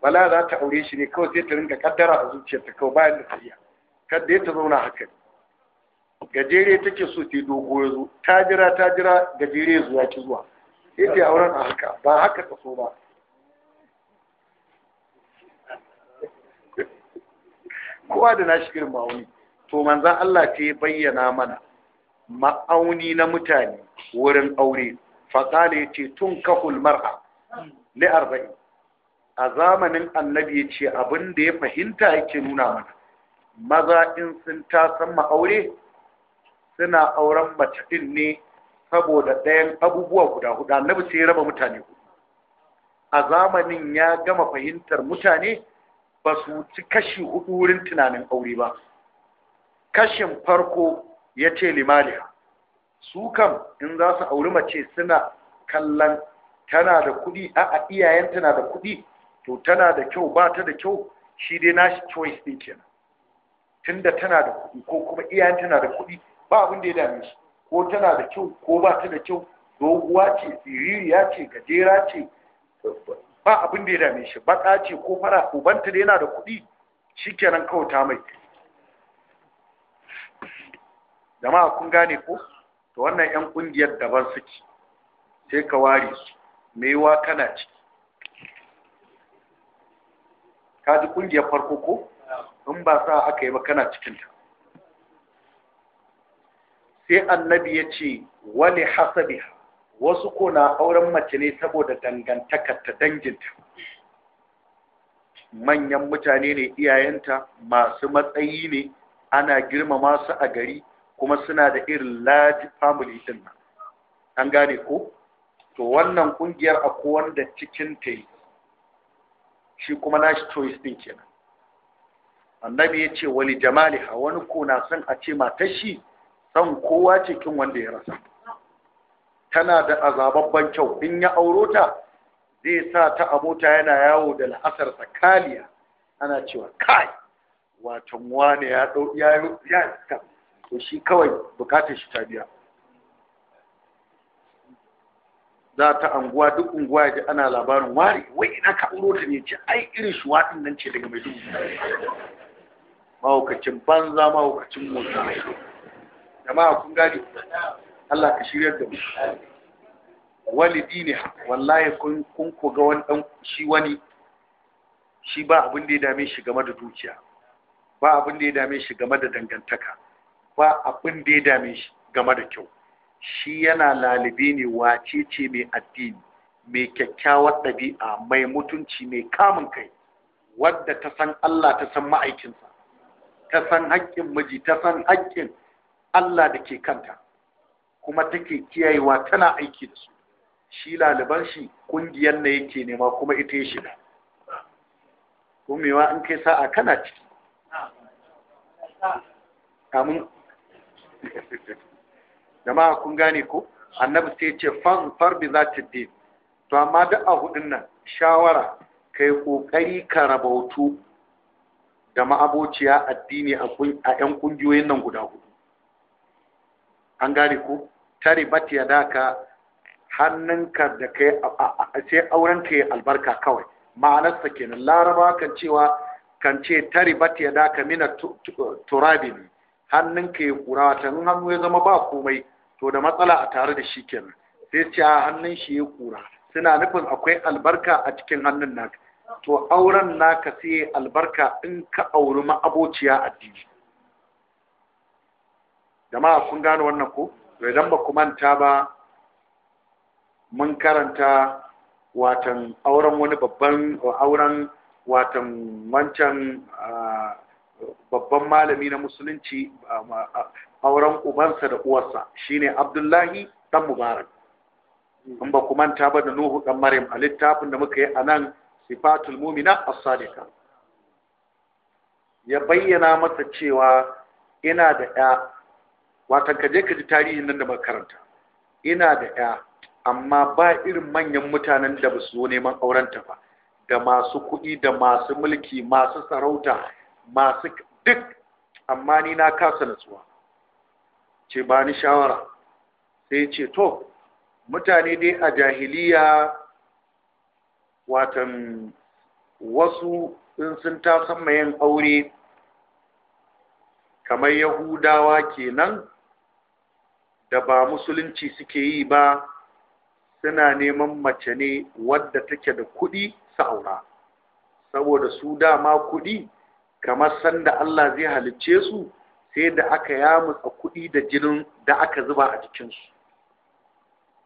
Bala za ta aure shi ne kawai sai ta rinka kaddara a ta kawai bayan da tsariya kadda ya ta zauna haka gajere take so ta dogo ya zo ta jira ta jira gajere ya zo ya ki zuwa sai ta auren a haka ba haka ta so ba kowa da nashi irin ma'auni to manzan Allah ta yi bayyana mana ma'auni na mutane wurin aure faƙale ce tun kahul mar'a li arba'in a zamanin annabi ya ce abin da ya fahimta yake nuna mana maza in sun tasan ma'aure suna auren mace ɗin ne saboda ɗayan abubuwa guda hudu annabi sai ya raba mutane a zamanin ya gama fahimtar mutane ba su ci kashi hudu wurin tunanin aure ba kashin farko ya ce limaliya su kam in za su auri mace suna kallon tana da kuɗi a iyayen tana da kuɗi to tana da kyau ba ta da kyau shi dai nashi choice din kenan tunda tana da kuɗi ko kuma iyayen tana da kuɗi ba abin da ya dame shi ko tana da kyau ko ba ta da kyau doguwa ce siririya ce gajera ce ba abin da ya dame shi baka ce ko fara ubanta da yana da kuɗi shi kawai ta mai jama'a kun gane ko to wannan yan kungiyar daban suke sai ka ware su maiwa kana ci? ka ji kungiyar farko ko in ba sa aka yi ba kana cikinta sai annabi ya ce wani hasabiha wasu ko na auren mace ne saboda dangantakar ta danginta manyan mutane ne iyayenta masu matsayi ne ana girmama su a gari kuma suna da irin large family din nan an gane ko to wannan kungiyar akwai wanda cikin ta yi shi kuma nashi choice din kenan annabi ya ce Wani jamaliha wani ko na son a ce matashi son kowa cikin wanda ya rasa tana da azababban kyau in ya auro ta zai sa ta abota yana yawo da la'asar sakaliya ana cewa kai watan wane ya ɗau ya ya ta to shi kawai bukatar shi ta biya za ta anguwa duk unguwa ya ana labarin ware wai ina ka auro ta ne ce ai irin shi waɗin nan ce daga mai dubu mahaukacin banza mahaukacin motsa jama'a kun gane Allah ka shiryar da wani dini wallahi kun kun ku ga wani dan shi wani shi ba abin da ya dame shi game da dukiya ba abin da ya dame shi game da dangantaka ba abin da ya dame shi game da kyau shi yana lalibi ne wace ce mai addini mai kyakkyawar ɗabi'a mai mutunci mai kamun kai wadda ta san Allah ta san ma'aikinsa ta san haƙƙin miji ta san haƙƙin Allah da ke kanta kuma take kiyayewa tana aiki da su shi laliban shi kungiyar na yake nema kuma ita ya shiga kumewa in kai sa'a kana ciki kamun jama'a kun gane ko annabi sai ce fan farbi za ta de to amma duk a hudun nan shawara kai kokari ka rabautu da ma'abociya addini a 'yan kungiyoyin nan guda hudu an gane ko taribat daka hannunka da kai sai auren ka albarka kawai ma'anarsa kenan laraba kan cewa kan ce taribat daka mina turabi ne hannunka ya kura wata hannu ya zama ba komai to da matsala a tare da shi kenan sai ce hannun shi ya kura suna nufin akwai albarka a cikin hannun naka to auren naka sai albarka in ka auri ma'abociya addini jama'a kun gane wannan ko to idan ba ku manta ba mun karanta watan auren wani babban auren watan wancan babban malami na musulunci auren ubansa da uwarsa shine abdullahi dan mubarak in ba ku manta ba da nuhu dan maryam a littafin da muka yi a nan sifatul mumina as ya bayyana masa cewa ina da ya watan kaje ka ji tarihin nan da ba karanta ina da ya amma ba irin manyan mutanen da ba su zo neman aurenta ba da masu kuɗi da masu mulki masu sarauta masu duk amma ni na kasa natsuwa ce ba ni shawara sai ce to mutane dai a jahiliya watan wasu in sun tasan mayan aure kamar yahudawa kenan da ba musulunci suke yi ba suna neman mace ne wadda take da kuɗi su aura saboda su dama kuɗi kamar sanda Allah zai halicce su sai da aka yamutsa kuɗi da jinin da aka zuba a jikinsu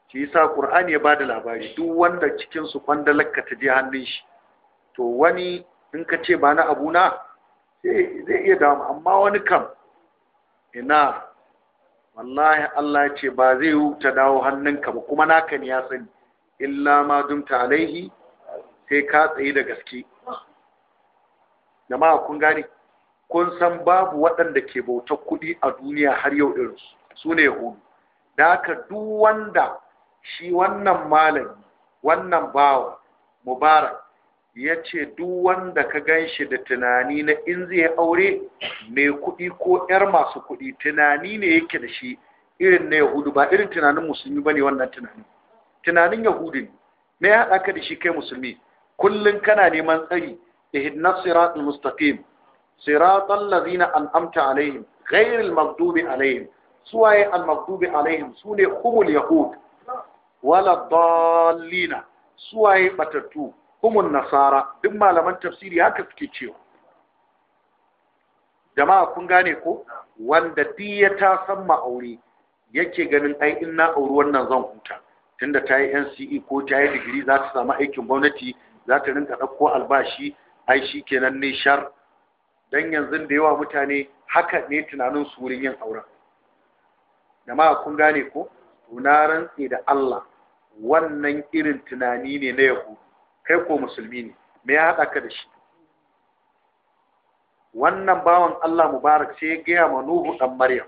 shi yasa Qur'ani ya bada labari duk wanda cikinsu su kwandalakka ta je hannun shi to wani in ka ce ba na abuna sai zai iya damu amma wani kam ina wallahi Allah ce ba zai wuta dawo hannunka ba kuma naka ne ya sani illa ma dumta alaihi sai ka tsayi da gaske jama'a kun gane kun san babu waɗanda ke bautar kuɗi a duniya har yau irin su ne yahudu da ka duk wanda shi wannan malami wannan bawa mubarak ya ce duk wanda ka gan shi da tunani na in zai aure mai kuɗi ko 'yar masu kuɗi tunani ne yake da shi irin na yahudu ba irin tunanin musulmi ba ne wannan tunanin tunanin yahudu ne me ya haɗa ka da shi kai musulmi kullum kana neman tsari ihdina siratul mustaqim siratal ladzina an'amta alaihim ghairil maghdubi alaihim suwaye al maghdubi alaihim sune humul yahud wala dallina suwaye batattu humun nasara duk malaman tafsiri haka suke cewa jama'a kun gane ko wanda diya ta san ma'aure yake ganin ai in na auri wannan zan huta tunda ta yi NCE ko ta yi digiri za ta samu aikin gwamnati za ta rinka ɗauko albashi ai shi kenan ne shar dan yanzu da yawa mutane haka ne tunanin su wurin yin auren jama'a kun gane ko na rantse da Allah wannan irin tunani ne na yahudu kai ko musulmi ne me ya haɗa ka da shi wannan bawan Allah mubarak sai ya gaya ma Nuhu ɗan Maryam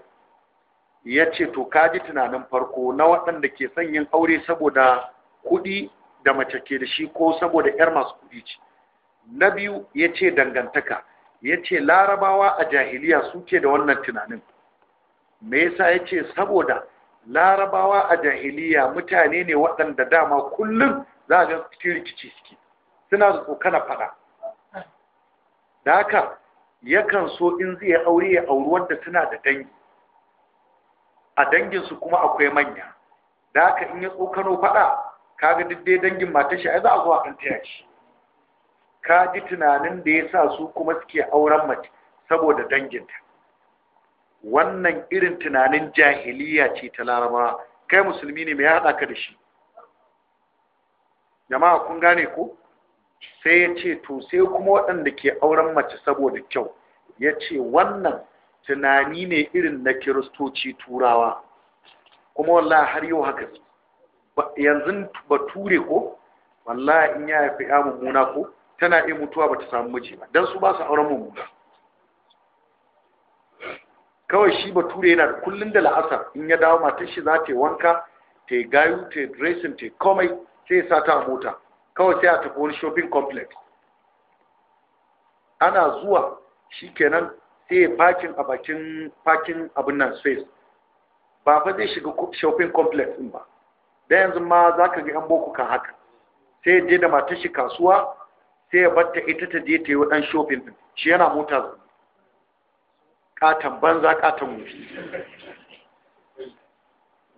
ya ce to ka ji tunanin farko na waɗanda ke son yin aure saboda kuɗi da mace ke da shi ko saboda ƴar masu kuɗi ce na biyu ya ce dangantaka ya ce larabawa a jahiliya suke da wannan tunanin me yasa ya ce saboda larabawa a jahiliya mutane ne waɗanda dama kullum za a gansu cikin rikici suke suna da tsokana faɗa da haka yakan so in zai aure ya auri wanda suna da dangi a danginsu kuma akwai manya da haka in ya tsokano faɗa Ka ga dai dangin mata shi ai za a zo a taya shi ka ji tunanin da ya sa su kuma suke auren mace saboda danginta wannan irin tunanin jahiliya ce ta laraba kai musulmi ne mai haɗa ka da shi jama'a kun gane ko sai ya ce to sai kuma waɗanda ke auren mace saboda kyau ya ce wannan tunani ne irin na kiristoci turawa kuma wallah har yau haka yanzu ba ture ko wallah in ya haifi ya mummuna ko tana iya mutuwa ba ta samu miji ba don su ba su auren mummuna kawai shi bature yana da kullum da la'asar in ya dawo matar shi za ta yi wanka ta yi gayu ta yi ta yi komai sai ya sa ta mota kawai sai a tafi wani shopping complex ana zuwa shi kenan sai ya fakin a bakin fakin abin nan space ba fa zai shiga shopping complex din ba da yanzu ma za ka ga yan boko kan haka sai ya je da matar shi kasuwa sai ya ta ita ta je ta yi ɗan shopping din shi yana mota katon banza katon wufi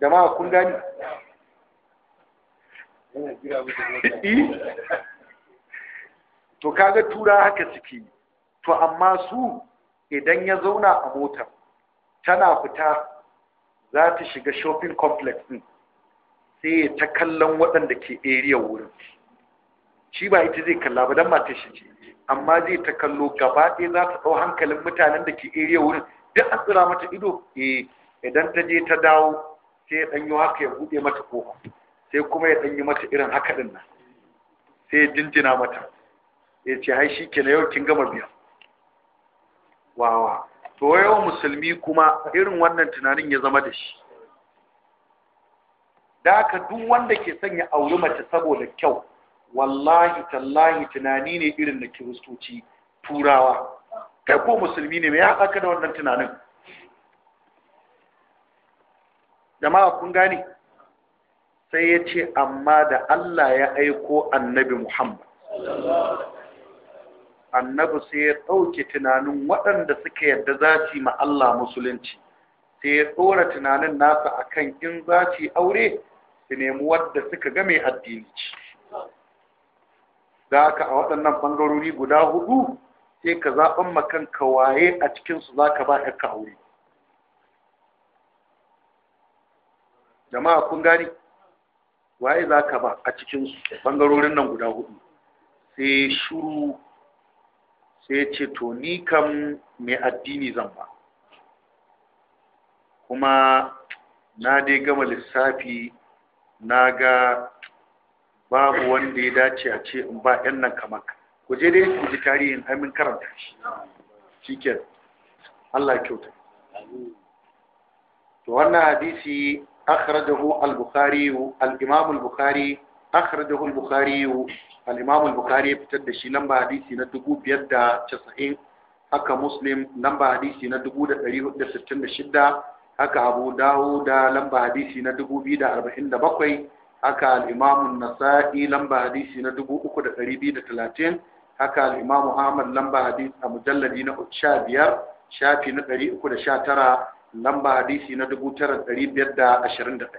jama'a kun gani eh. to kaga tura haka suke to amma su idan ya zauna a mota tana fita za ta shiga shopping complex din sai ta kallon waɗanda ke area wurin shi ba ita zai kalla ba don mata shi ce amma zai ta kallo gaba ɗaya za ta ɗau hankalin mutanen da ke area wurin duk an tsira mata ido eh idan ta je ta dawo sai ya ɗan yi haka ya buɗe mata kofa sai kuma ya ɗan yi mata irin haka ɗin nan sai ya jinjina mata ya ce hai shi ke na yau kin gama biya wawa to yawan musulmi kuma irin wannan tunanin ya zama da shi da haka duk wanda ke son ya auri mace saboda kyau wallahi tallahi tunani ne irin da kiristoci turawa kai ko musulmi ne mai ya haka da wannan tunanin jama'a kun gane sai ya ce amma da Allah ya aiko annabi Muhammad annabi sai ya ɗauke tunanin waɗanda suka yadda za ma Allah musulunci sai ya ɗora tunanin nasa akan in zaci aure su nemi wadda suka ga mai addini ce da haka a waɗannan ɓangarori guda hudu sai ka zaɓen makan waye a cikinsu za ka ba ka aure jama'a kun gani waye za ka ba a cikinsu ɓangarorin nan guda hudu sai shuru sai ce to ni kam mai addini zan ba kuma na dai gama lissafi na ga babu wanda ya dace a ce in ba yan nan kamar ku je dai ku ji tarihin amin karanta shi shikenan Allah ya kyauta to wannan hadisi akhrajahu al-bukhari al-imam al-bukhari akhrajahu al-bukhari al-imam al-bukhari fitar da shi lamba hadisi na 590 haka muslim lamba hadisi na 1466 haka abu da lamba hadisi na 2047 haka al'imamun nasa'i lamba hadisi na 3,230 haka al'imamu ahmad lamba hadisi a mujalladi na 15 shafi na 319 lamba hadisi na 9,521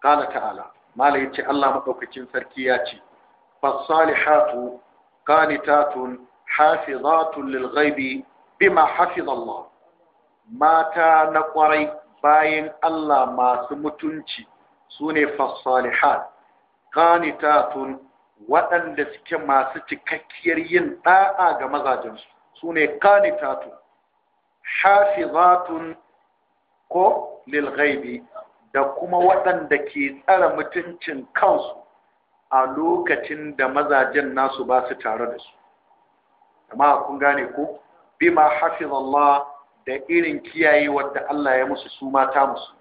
ƙala ta'ala mala ya ce allah maɗaukacin sarki ya ce fasalihatu qanitatun hafizatun lil ghaibi bima hafiz Allah mata na kwarai bayan Allah masu mutunci sune fasalihat qanitatun waɗanda suke masu cikakkiyar yin ɗa'a ga mazajensu su ne qanitatun hafizatun ko lil Ghaibi, da kuma waɗanda ke tsara mutuncin kansu a lokacin da mazajen nasu ba su tare da su amma kun gane ko bima hafizallah da irin kiyaye wadda Allah ya musu su mata musu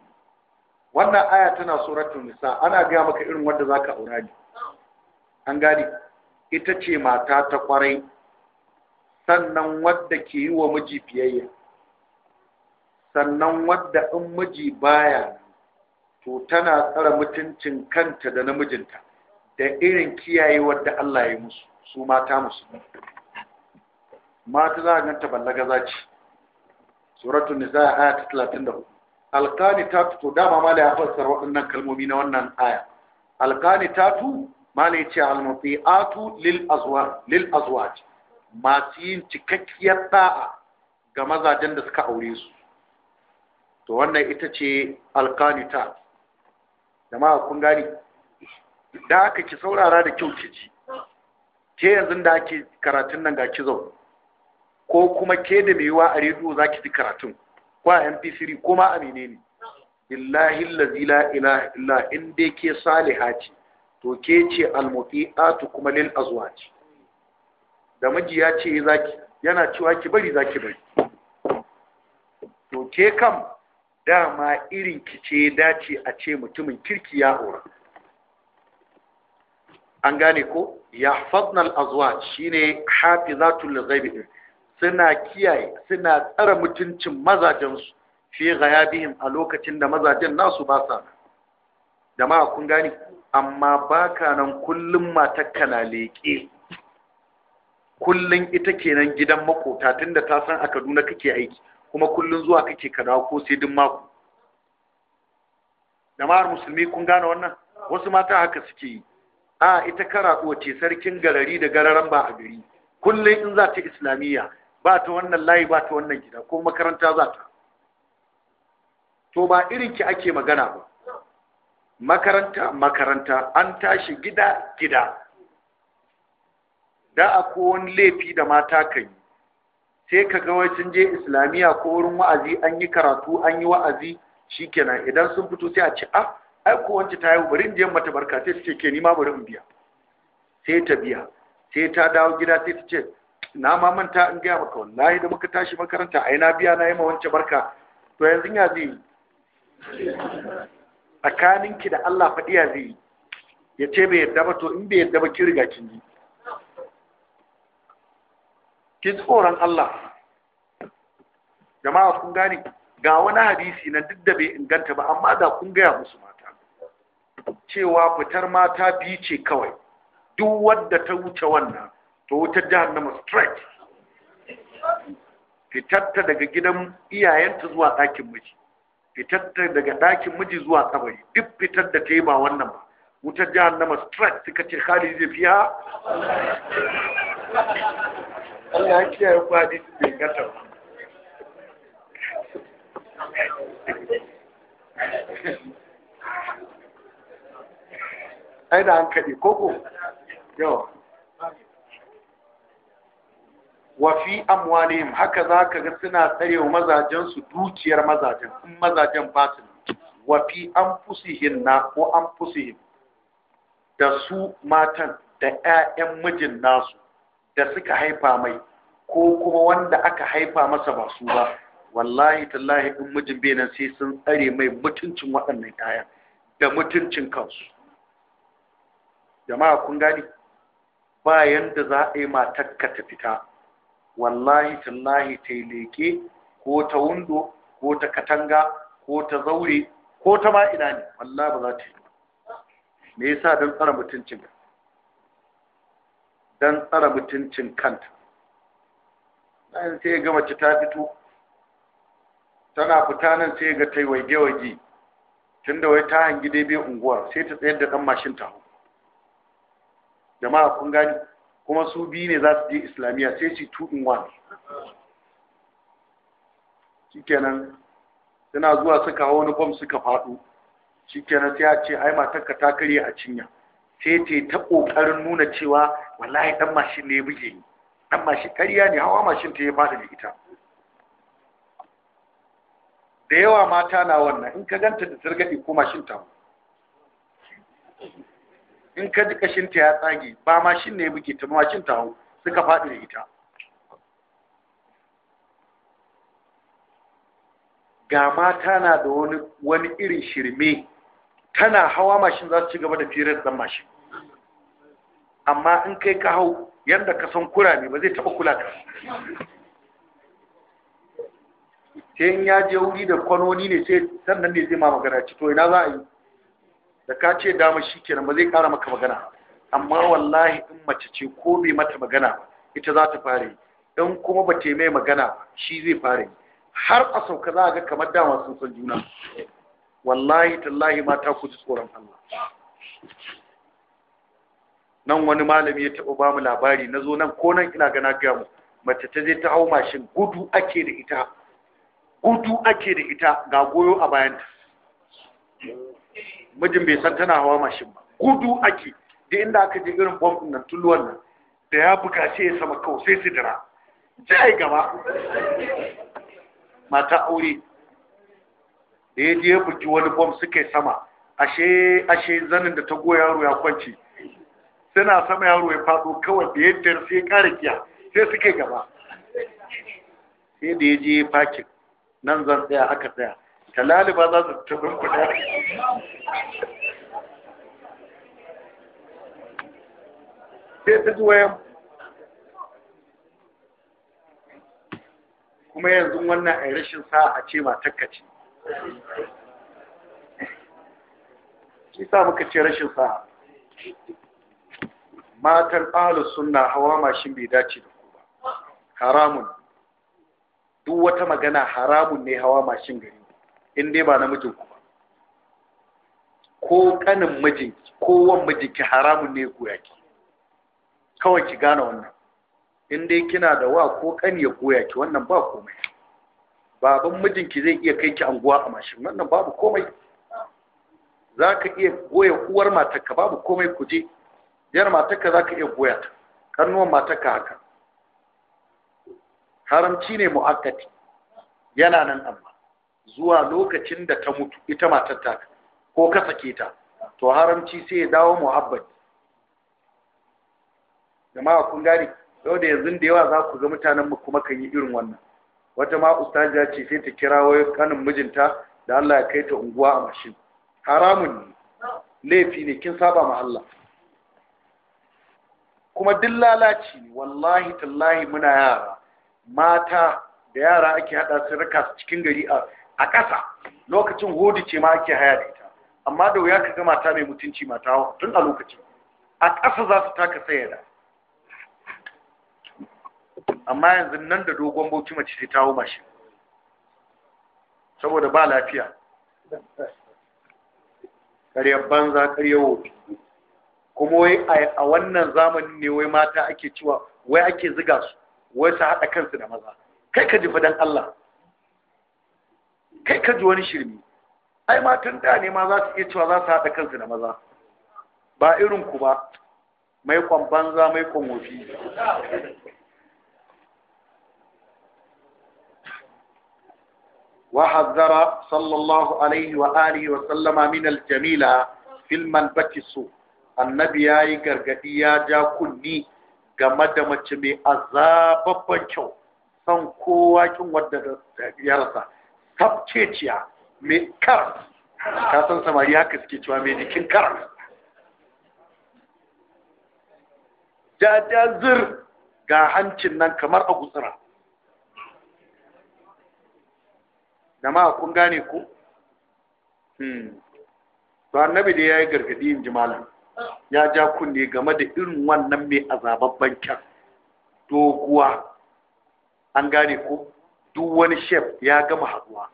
wannan aya tana suratul nisa ana gaya maka irin wanda zaka aura ne an gane ita ce mata ta kwarai sannan wadda ke yi wa miji fiyayya sannan wadda in miji baya to tana tsara mutuncin kanta da namijinta da irin kiyaye wadda Allah ya musu su mata musu mata za a ganta ballaga za ce suratul nisa aya ta 34 alqanitatu dama mala ya fassara waɗannan kalmomi na wannan aya alqanitatu mala yace almutiatu a azwaj lil azwaj masu yin cikakkiyar da'a ga mazajen da suka aure su to wannan ita ce ta. jama'a kun gani da aka ki saurara da kyau ki ji ke yanzu da ake karatun nan ga ki zaune ko kuma ke da mai yiwa a rediyo za ki ji karatun ko a mp3 ko ma a ne billahi allazi la ilaha illa in ke saliha ce to ke ce almuti'atu kuma lil azwaj da miji ya ce yana cewa ki bari zaki bari to ke kam dama irin ki ce dace a ce mutumin kirki ya aura an gane ko ne al azwaj shine hafizatul ghaibi suna kiyaye suna tsara mutuncin mazajensu fi ghayabihim a lokacin da mazajen nasu ba sa ma kun gani amma baka nan kullum matakka na leƙe kullum ita kenan gidan makota tunda ta san a Kaduna kake aiki kuma kullum zuwa kake kada ko sai duk mako ma musulmi kun gane wannan wasu mata haka suke yi a ita kara ce sarkin garari da gararan ba a gari kullum in za ta islamiyya ba ta wannan layi ba ta wannan gida ko makaranta za ta to ba irin ki ake magana ba makaranta makaranta an tashi gida gida da a wani laifi da mata ka yi sai ka ga wajen je islamiyya ko wurin wa'azi an yi karatu an yi wa'azi shikenan idan sun fito sai a ce a, ah, ai ko wance ta yi bari je mata barka sai su ce ke nima bari in biya sai ta biya sai ta dawo gida sai ta ce na ma manta in gaya maka wallahi da muka tashi makaranta ai na biya na yi ma wancan barka to yanzu ya zai tsakaninki da Allah faɗi ya zai ya ce bai yadda ba to in bai yadda ba ki riga kin yi ki tsoron Allah jama'a kun gane ga wani hadisi na duk da bai inganta ba amma da kun gaya musu mata cewa fitar mata biyu ce kawai duk wadda ta wuce wannan to wutar jahannama straight fitarta daga gidan iyayenta zuwa ɗakin miji fitarta daga ɗakin miji zuwa kabari duk fitar da ta yi ba wannan ba wutar jahannama strike suka ce hali zai fiya Allah ya kiyaye an kaɗe koko yawa wa fi amwalihim haka za ka ga suna tsare wa mazajen su dukiyar mazajen in mazajen ba su wa fi na ko fusihin da su matan da ƴaƴan mijin nasu da suka haifa mai ko kuma wanda aka haifa masa ba su ba wallahi tallahi in mijin bai sai sun tsare mai mutuncin waɗannan yaya da mutuncin kansu jama'a kun gani bayan da za a yi matar ta fita wallahi tallahi ta leke ko ta wundo ko ta katanga ko ta zaure ko ta ma ina ne wallahi ba za ta yi me yasa don tsara mutuncin don tsara mutuncin kanta nan sai ga mace ta fito tana fita nan sai ga ta yi wage tunda tun wai ta hangi dai unguwar sai ta tsayar da ɗan mashin ta jama'a kun gani kuma su biyu ne za su je islamiyya sai su two in one shikenan suna zuwa suka hau wani bom suka faɗo shikenan sai a ce ai matarka ta karye a cinya sai ta ta kokarin nuna cewa wallahi ɗan mashin ne ya buge ni ɗan mashin kariya ne hawa mashin ta ya faɗi da ita da yawa mata na wannan in ka ganta da targaɗe ko mashin ta in ka ji ta ya tsage ba mashin ne muke ta mashin ta hau suka faɗi da ita ga mata na da wani wani irin shirme tana hawa mashin za su ci gaba da firar zan mashin amma in kai ka hau yadda ka san kura ne ba zai taɓa kula ka sai in ya je wuri da kwanoni ne sai sannan ne zai ma magana ci to ina za a yi da ka ce dama shi kenan ba zai ƙara maka magana amma wallahi in mace ce ko bai mata magana ita za ta fare in kuma ba ta mai magana shi zai fare har a sauka za a ga kamar dama sun san juna wallahi tallahi mata ku ji tsoron Allah nan wani malami ya taɓa bamu mu labari na zo nan ko nan ina gana gaya mu mace ta je ta hau mashin gudu ake da ita gudu ake da ita ga goyo a bayanta mijin bai san tana hawa mashin ba gudu ake da inda aka je irin bom din nan tulluwan nan da ya bukaci ya sama kawai sai su dira sai gaba mata aure da ya je ya buki wani bom suka sama ashe ashe zanin da ta goya yaro ya kwanci suna sama yaro ya faɗo kawai da yadda sai ƙara kiya sai suke gaba sai da ya je fakin nan zan tsaya aka tsaya ta ba za su ta gurguda sai ta zuwayan kuma yanzu wannan a rashin sa a ce matakka ce shi sa muka ce rashin sa matar ahalus suna hawa mashin bai dace da ku ba haramun duk wata magana haramun ne hawa mashin gari in dai ba na ku ba ko kanin mijinki ko wan mijinki haramun ne goya ki kawai ki gane wannan in dai kina da wa ko kan ya goya ki wannan ba komai baban mijinki zai iya kai ki anguwa a mashin wannan babu komai za ka iya goya uwar matarka babu komai ku je yar matarka za ka iya goya ta kannuwan matarka haka haramci ne mu'akkati yana nan amma zuwa lokacin da ta mutu ita matar ta ko ka sake ta to haramci sai ya dawo muhabbat jama'a kun gane yau da yanzu da yawa za ku ga mutanen mu kuma kan yi irin wannan wata ma ustaja ce sai ta kira wai kanin mijinta da Allah ya kai ta unguwa a mashin haramun ne laifi ne kin saba ma Allah kuma duk lalaci ne wallahi tallahi muna yara mata da yara ake hada su raka cikin gari a a ƙasa lokacin hudu ce ma ake haya da ita amma da wuya ka ga mata mai mutunci mata tun a lokacin a ƙasa za su taka sayada amma yanzu nan da dogon bauchi mace sai tawo mashi saboda ba lafiya ƙaryar banza ƙaryar wofi kuma wai a wannan zamani ne wai mata ake cewa wai ake ziga su wai su haɗa kansu da maza kai ka ji fadan Allah kai ka ji wani shirmi ai matan da ne ma za su iya cewa za su haɗa kansu da maza ba irin ku ba mai kwan banza mai kwan wofi Sallallahu alaihi الله wa وآله وسلم من الجميلة في المنبت السوء النبي ياي غرغدي ya ja kunni game da mace mai azababban kyau san kowa kin wadda ya rasa kafceciya mai kar ka san samari haka suke cewa mai jikin kar jajazir ga hancin nan kamar a gutsira jama'a kun gane ku? Hmm. to annabi da ya yi gargadi in ji ya ja kunne game da irin wannan mai azababban kyar doguwa an gane ku? duk wani shef ya gama haɗuwa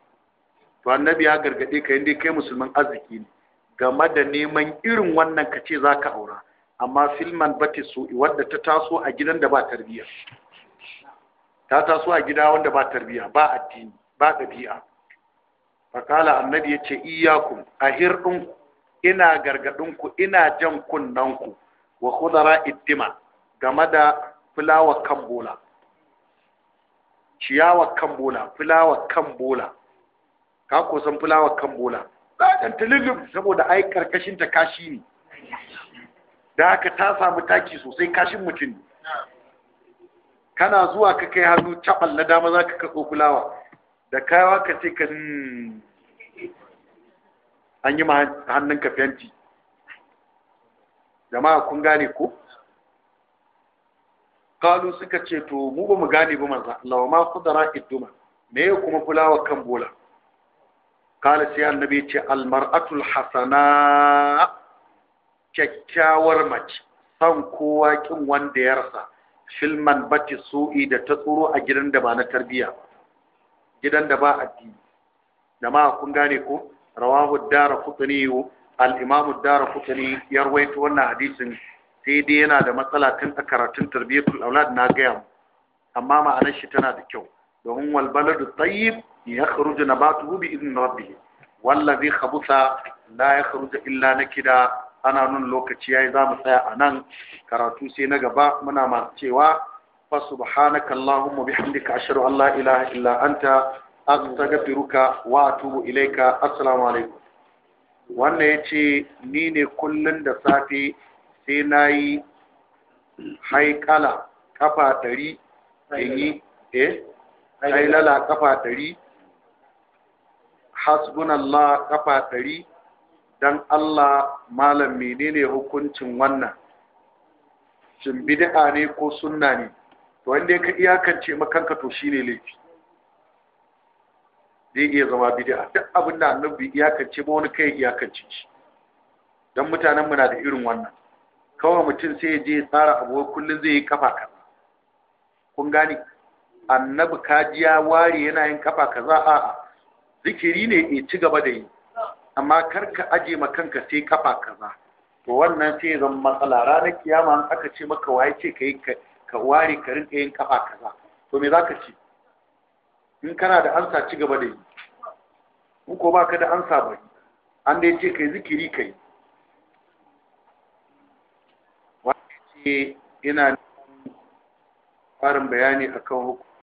to annabi ya gargaɗe ka inda kai musulman arziki ne game da neman irin wannan ka ce za ka aura amma filman batis so wadda ta taso a gidan da ba tarbiyya ta taso a gida wanda ba tarbiyya ba addini ba ɗabi'a fakala annabi ya ce iyakun a hirɗinku ina ku, ina jan kunnan ku. wa kudara ittima game da fulawa kan bola ciyawa kan bola fulawa kan bola ka ko san fulawa kan bola dan tililin saboda ai karkashin ta kashi ne da haka ta samu taki sosai kashin mutum kana zuwa ka kai hannu na dama za ka katso fulawa da kaiwa ka ce ka hmm, an yi ma ka fenti jama'a kun gane ko Kalu suka ce to mu ba mu gane ba manzo Allah wa ma qudara idduma me kuma wa kan bola kala sai annabi ce al mar'atul hasana kyakkyawar mace san kowa kin wanda ya rasa filman bati su'i da ta tsoro a gidan da ba na tarbiya gidan da ba addini da kun gane ko rawahu dara al imamu dara yarwaito wannan hadisin sai dai yana da matsala tun a karatun tarbiyyatul aulad na gaya mu amma ma'anar shi tana da kyau domin wal baladu tayyib yakhruju nabatuhu bi idni rabbih wallazi khabutha la yakhruju illa nakida ana nun lokaci yayi zamu tsaya anan karatu sai na gaba muna ma cewa fa subhanaka allahumma bihamdika ashhadu an la ilaha illa anta astaghfiruka wa atubu ilaika assalamu alaikum wannan yace ni ne kullun da safe sai na yi haikala kafa ɗari in yi eh haikala kafa ɗari hasbunallah kafa ɗari don Allah malam menene hukuncin wannan shin bid'a ne ko sunna ne to wanda ka iyakance makanka to shine laifi zai iya zama bid'a duk abin da annabi iyakance ba wani kai iyakance shi dan mutanen na da irin wannan kawai mutum sai ya je tsara abu kullum zai yi kafa kaza kun gani? annabi kajiya ware yana yin kafa kaza a zikiri ne ya ci gaba da yi amma kar ka aje ma kanka sai kafa kaza to wannan sai zan matsala ranar kiyama an aka ce maka waye ce ka yi ka ware ka rinka yin kafa kaza to me zaka ci in kana da ansa ci gaba da yi in ko baka da ansa ba an dai ce kai zikiri kai ina ƙarin bayani akan hukum